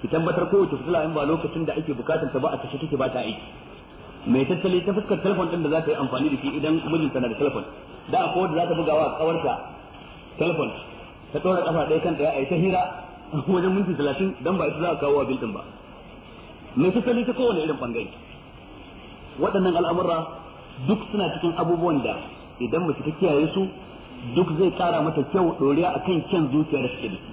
ki tabbatar kowace fitila in ba lokacin da ake bukatar ta ba a kashe take ba ta aiki mai tattali ta fuskar telefon din da za ta yi amfani da shi idan mijinta na da telefon da a kowace za ta buga wa kawarta telefon ta ɗora kafa ɗaya kan ɗaya a yi ta hira (laughs) wajen minti talatin dan ba ita za a kawo wa bil din ba mai tattali ta kowane irin bangare waɗannan al'amura duk suna cikin abubuwan da idan mace ta kiyaye su duk zai kara mata kyau doriya akan kyan zuciya da take da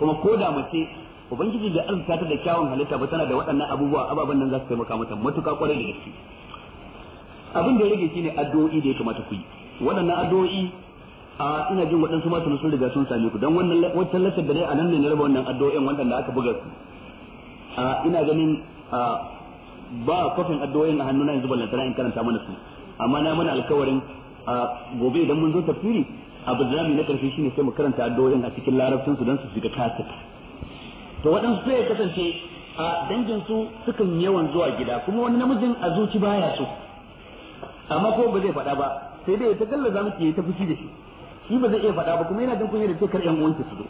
kuma ko da mace ubangiji da azurta ta da kyawun halitta ba tana da waɗannan abubuwa ababen nan za su taimaka mata matuƙa ƙwarai da gaske abin da ya rage shine addu'o'i da ya kamata ku yi waɗannan addu'o'i a ina jin waɗansu ma sun riga sun same ku don wannan wancan lafiyar da dai a nan ne na raba wannan addu'o'in waɗanda aka buga su a ina ganin ba kofin addu'o'in a hannuna yanzu ballantana in karanta mana su amma na mana alkawarin gobe idan mun zo tafsiri abu da zamu na karfi shine sai mu karanta addu'o'in a cikin larabcin su dan su shiga kasata to waɗansu sai ya kasance a dangin su yi yawan zuwa gida kuma wani namijin a zuci baya so amma ko ba zai faɗa ba sai dai ta gallaza zamu ya ta fushi da shi shi ba zai iya faɗa ba kuma yana jin kunya da ke kar uwanki su zo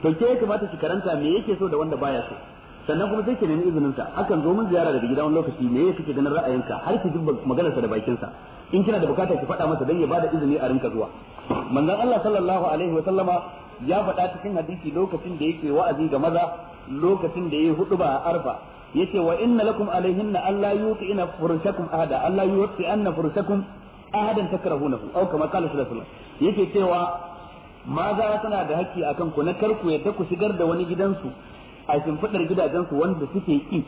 to ke ya kamata ki karanta me yake so da wanda baya so sannan kuma sai ke nemi izinin sa akan zo mun ziyara daga gida wani lokaci me yake kike ganin ra'ayinka har ki maganar maganarsa da bakin sa in kina da bukata ki faɗa masa don ya bada izini a rinka zuwa manzon Allah sallallahu alaihi wa sallama ya faɗa cikin hadisi lokacin da yake wa'azi ga maza lokacin da hudu ba a arfa yace wa inna lakum alaihinna Allah yuqina furushakum ahada alla yuqti anna furushakum ahadan takrahunahu aw kama qala sallallahu alaihi wasallam yake cewa maza suna da haƙƙi akan ku na karku yadda ku shigar da wani gidansu a shimfidar gidajensu wanda suke ki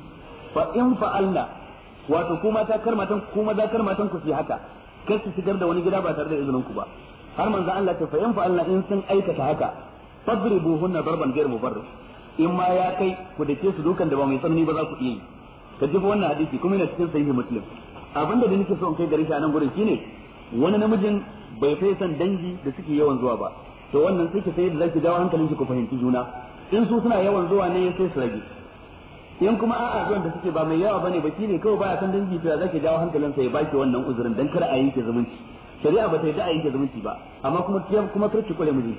fa in fa'alna wato kuma ta karmatan kuma za karmatan ku su haka kar su shigar da wani gida ba tare da izinin ku ba har manzo Allah ta fa'in fa Allah in sun aikata haka fadribuhunna darban ghayr mubarrih in ma ya kai ku dake su dukan da ba mai tsanani ba za ku iya yi ka ji wannan hadisi kuma yana cikin sahihi muslim abinda da nake so in kai gari shi a nan gurin shine wani namijin bai fa san dangi da suke yawan zuwa ba to wannan sai ki sai da zaki dawo hankalin ku fahimci juna in su suna yawan zuwa ne sai su rage in kuma a'a zuwan da suke ba mai yawa bane ba shine kawai baya san dangi to zaki jawo hankalinsa ya baki wannan uzurin dan kada a yanke zumunci shari'a ba ta yi da a yanke zumunci ba amma kuma kuma kar ki kure miji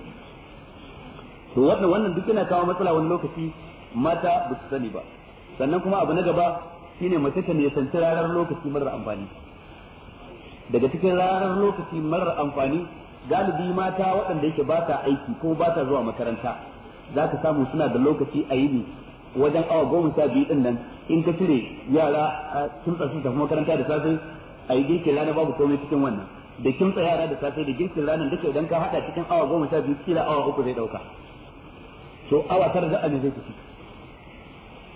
to wannan wannan duk yana kawo matsala wani lokaci mata ba su sani ba sannan kuma abu na gaba shine mace ta ne sanci rarar lokaci marar amfani daga cikin rarar lokaci marar amfani galibi mata waɗanda yake ba ta aiki ko ba ta zuwa makaranta za ka samu suna da lokaci a yini wajen awa goma sha biyu din nan in ka cire yara sun tsarsu tafi makaranta da safe a yi girkin rana babu komai cikin wannan da kimtsa yara da safe da girkin ranar duka idan ka hada cikin awa goma sha biyu kila awa uku zai dauka to awa tara da ne zai tafi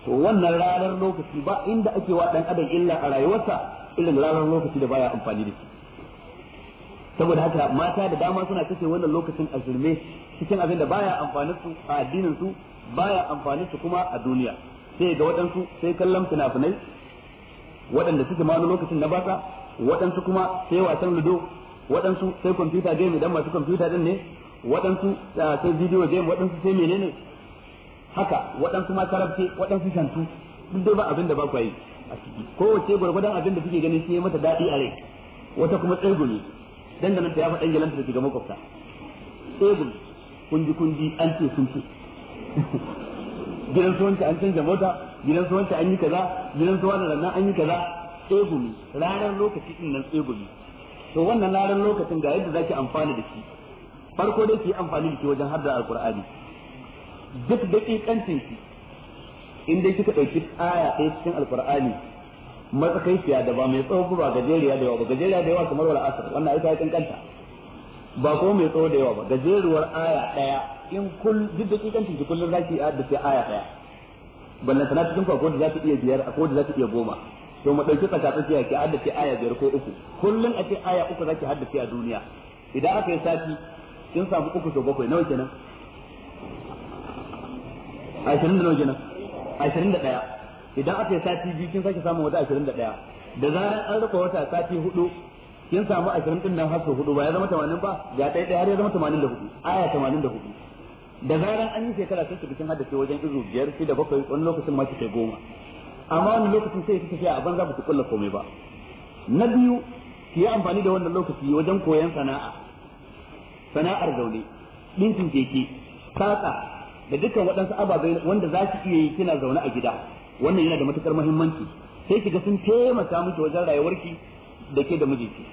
to wannan ranar lokaci ba inda ake wa dan adam illa a rayuwarsa irin ranar lokaci da baya amfani da shi saboda haka mata da dama suna kashe wannan lokacin a cikin abin da baya amfanin su a addinin su baya amfani su kuma a duniya sai ga waɗansu sai kallon fina-finai waɗanda suke ma wani lokacin na basa waɗansu kuma sai wasan ludo waɗansu sai kwamfuta game idan masu kwamfuta din ne waɗansu ah, sai bidiyo game waɗansu sai menene haka waɗansu ma karabce waɗansu shantu duk dai ba abin da ba ku yi a ciki kowace gwargwadon abin da kuke ganin shi ya mata daɗi a rai wata kuma tsegumi dandanan ta ya faɗa gilanta da shiga makwabta tsegumi kunji kunji an ce sun ce (laughs) gidan su wanke an canza mota gidan su wanke an yi kaza gidan su wannan nan an yi kaza tsegumi ranar lokaci din nan tsegumi to wannan ranar lokacin ga yadda zaki amfana da shi farko dai ki amfani da shi wajen hadda alqur'ani duk daƙiƙancin ki in dai kika ɗauki aya ɗaya cikin alqur'ani matsakaiciya da ba mai tsawo ba gajeriya da yawa ba gajeriya da yawa kamar wal asr wannan ita ya kankanta ba ko mai tsawo da yawa ba gajeruwar aya daya in kul duk da kikan ki kullun zaki a da sai aya daya ballan tana cikin ko da zaki iya biyar ko da zaki iya goma to mu dauki tsaka ya ki sai aya biyar ko uku kullun a cikin aya uku zaki sai a duniya idan aka yi sati in samu uku to bakwai nawa kenan ashirin da nawa kenan ashirin da daya idan aka yi sati biyu kin sake samun wata ashirin da daya da zarar an rufe wata sati hudu kin samu 20 din nan har hudu ba ya zama 80 ba ya dai dai har ya zama 84 aya 84 da zaran an yi shekara sai ki kin haddace wajen izu biyar shi da bakwai wani lokacin ma kike goma amma wani lokacin sai kike tafiya a banza ba ki kulla komai ba na biyu ki yi amfani da wannan lokaci wajen koyon sana'a sana'ar zaune ɗinkin keke kaka da dukkan waɗansu ababai wanda za ki iya yi kina zaune a gida wannan yana da matukar muhimmanci sai ki ga sun taimaka miki wajen rayuwarki da ke da mijinki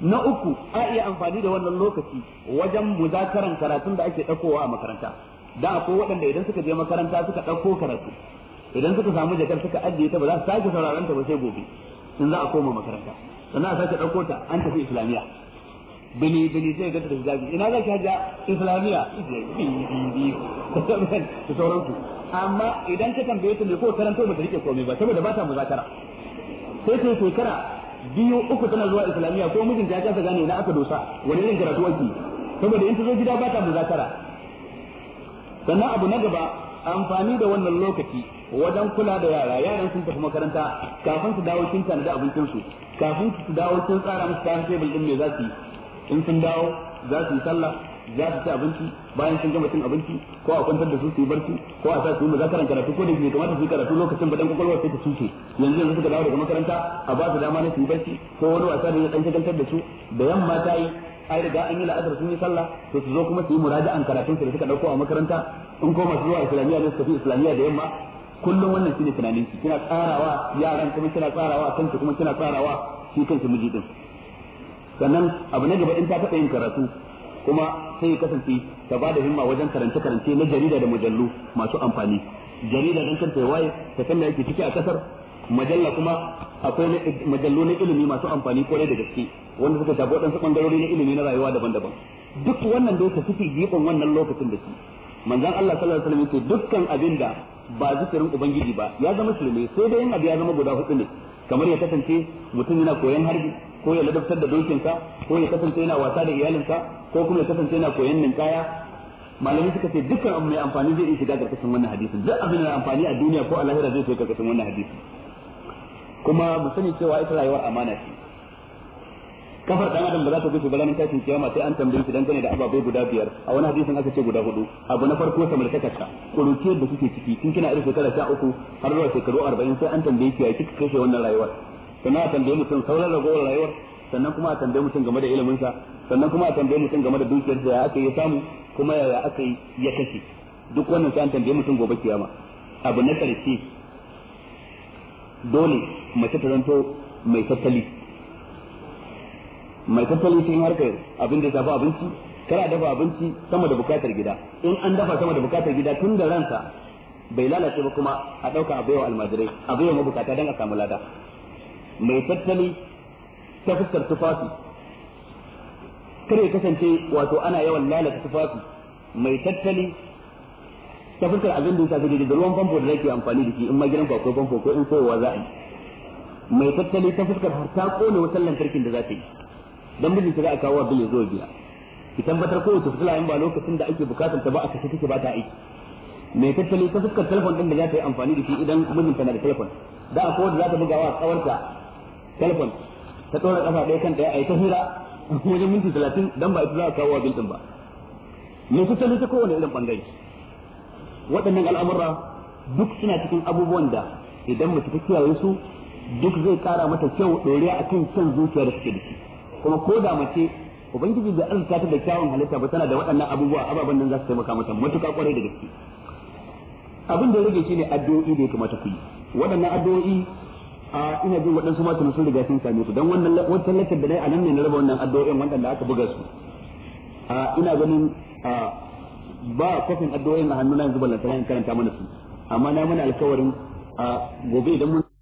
na uku a iya amfani da wannan lokaci wajen muzakaran karatun da ake ɗaukowa a makaranta da akwai waɗanda idan suka je makaranta suka ɗauko karatu idan suka samu jakar suka ajiye ta ba za su sake sauraron ta ba sai gobe sun za a koma makaranta sannan a sake ɗauko ta an tafi islamiyya bini bini sai ga ta hijabi ina za ki hajja islamiyya da sauransu amma idan ka tambaye ta me ko karanto ba ta rike komai ba saboda ba ta muzakara sai ta shekara biyu uku tana zuwa islamiyya ko mijinta ya kasa gane na aka dosa wani irin karatu ake saboda in ta zo gida ba ta muzakara sannan abu na gaba amfani da wannan lokaci wajen kula da yara yaran sun tafi makaranta kafin su dawo kin da abincin su kafin su dawo kin tsara musu tebul din mai za su yi in sun dawo za su yi sallah za su ci abinci bayan sun gama cin abinci ko a kwantar da su su yi barci ko a sa su yi zakaran karatu ko da ke kamata su yi karatu lokacin ba kwakwalwar sai ta suke yanzu yanzu suka dawo daga makaranta a ba su dama na su yi barci ko wani wasa da ya ɗan shagaltar da su da yamma ta yi ai riga an yi la'asar sun yi sallah to su zo kuma su yi an karatun su da suka ɗauko a makaranta in ko masu zuwa islamiyya ne su tafi islamiyya da yamma kullum wannan shine tunanin su kina tsarawa yaran kuma kina tsarawa kanta kuma kina tsarawa shi kanki miji din sannan abu na gaba in ta taɓa yin karatu kuma sai ya kasance ta ba da himma wajen karance karance na jarida da mujallu masu amfani jarida dan kanta ya waye ta san yake ciki a kasar majalla kuma akwai majallu na ilimi masu amfani kwarai da gaske wanda suka dan waɗansu bangarori na ilimi na rayuwa daban-daban duk wannan doka fi gefen wannan lokacin da su manzon Allah sallallahu alaihi wasallam yake dukkan abinda ba zikirin ubangiji ba ya zama shirme sai dai in abu ya zama guda hudu ne kamar ya kasance mutum yana koyon harbi ko ya ladabtar da ka ko ya kasance yana wasa da ka ko kuma ya kasance yana koyon ninkaya malami suka ce dukkan abu mai amfani zai iya shiga karkashin wannan hadisin duk abin da amfani a duniya ko a lahira zai shiga karkashin wannan hadisin kuma mu sani cewa ita rayuwar amana ce kafar dan adam ba za ta gushe ba ranar tashin kiyama sai an tambaye shi dangane da ababai guda biyar a wani hadisin aka ce guda hudu abu na farko ta kuruciyar da suke ciki tun kina irin shekara sha uku har zuwa shekaru arba'in sai an tambaye shi ya kika kashe wannan rayuwar sannan a tambaye mutum sauran ragowar rayuwar sannan kuma a tambaye mutum game da ilimin sa sannan kuma a tambaye mutum game da dukiyar da aka yi samu kuma yaya aka yi ya kashe duk wannan sai an tambaye mutum gobe kiyama abu na karshe dole mace ta zanto mai tattali mai tattali cikin harkar abin da ya shafi abinci kar a dafa abinci sama da bukatar gida in an dafa sama da bukatar gida tun da ransa bai lalace ba kuma a ɗauka a baiwa almajirai a baiwa mabukata don a samu lada mai tattali ta fuskar tufafi kar ya kasance wato ana yawan lalata tufafi mai tattali ta fuskar abin da ya shafi da ruwan famfo da nake amfani da shi in ma gidan ko famfo ko in kowa za a yi mai tattali ta fuskar har ta kone wasan lantarkin da za ta yi dan mijin ta za a kawo abin ya zo biya ki tabbatar ko ta fitila in ba lokacin da ake bukatar ta ba a kashe take ba ta aiki mai tattali ta fuskar telefon din da za ta yi amfani da shi idan mijinta na da telefon da a kowa da za ta wa kawarta telefon ta ɗora ƙafa ɗaya kan ɗaya a yi ta hira (laughs) wajen minti talatin dan ba ita za a kawo wa bintin ba mai su ne ta kowane irin bangare. waɗannan al'amura duk suna cikin abubuwan da idan mace ta kiyaye su duk zai kara mata kyau ɗoriya a kan kyan zuciya da suke da shi kuma ko da mace ubangiji da arzika ta da kyawun halitta ba tana da waɗannan abubuwa ababen nan za su taimaka mata matuƙa kwarai da gaske abin da ya rage shi ne addu'o'i da ya kamata ku yi waɗannan addu'o'i a ina jin waɗansu ma sun riga sun same su dan wannan wannan lakar da nayi a nan ne na raba wannan addu'o'in waɗanda aka buga su a ina ganin a ba kofin addu'o'in a hannuna yanzu ballantana in karanta mana su amma na mana alkawarin a gobe idan mun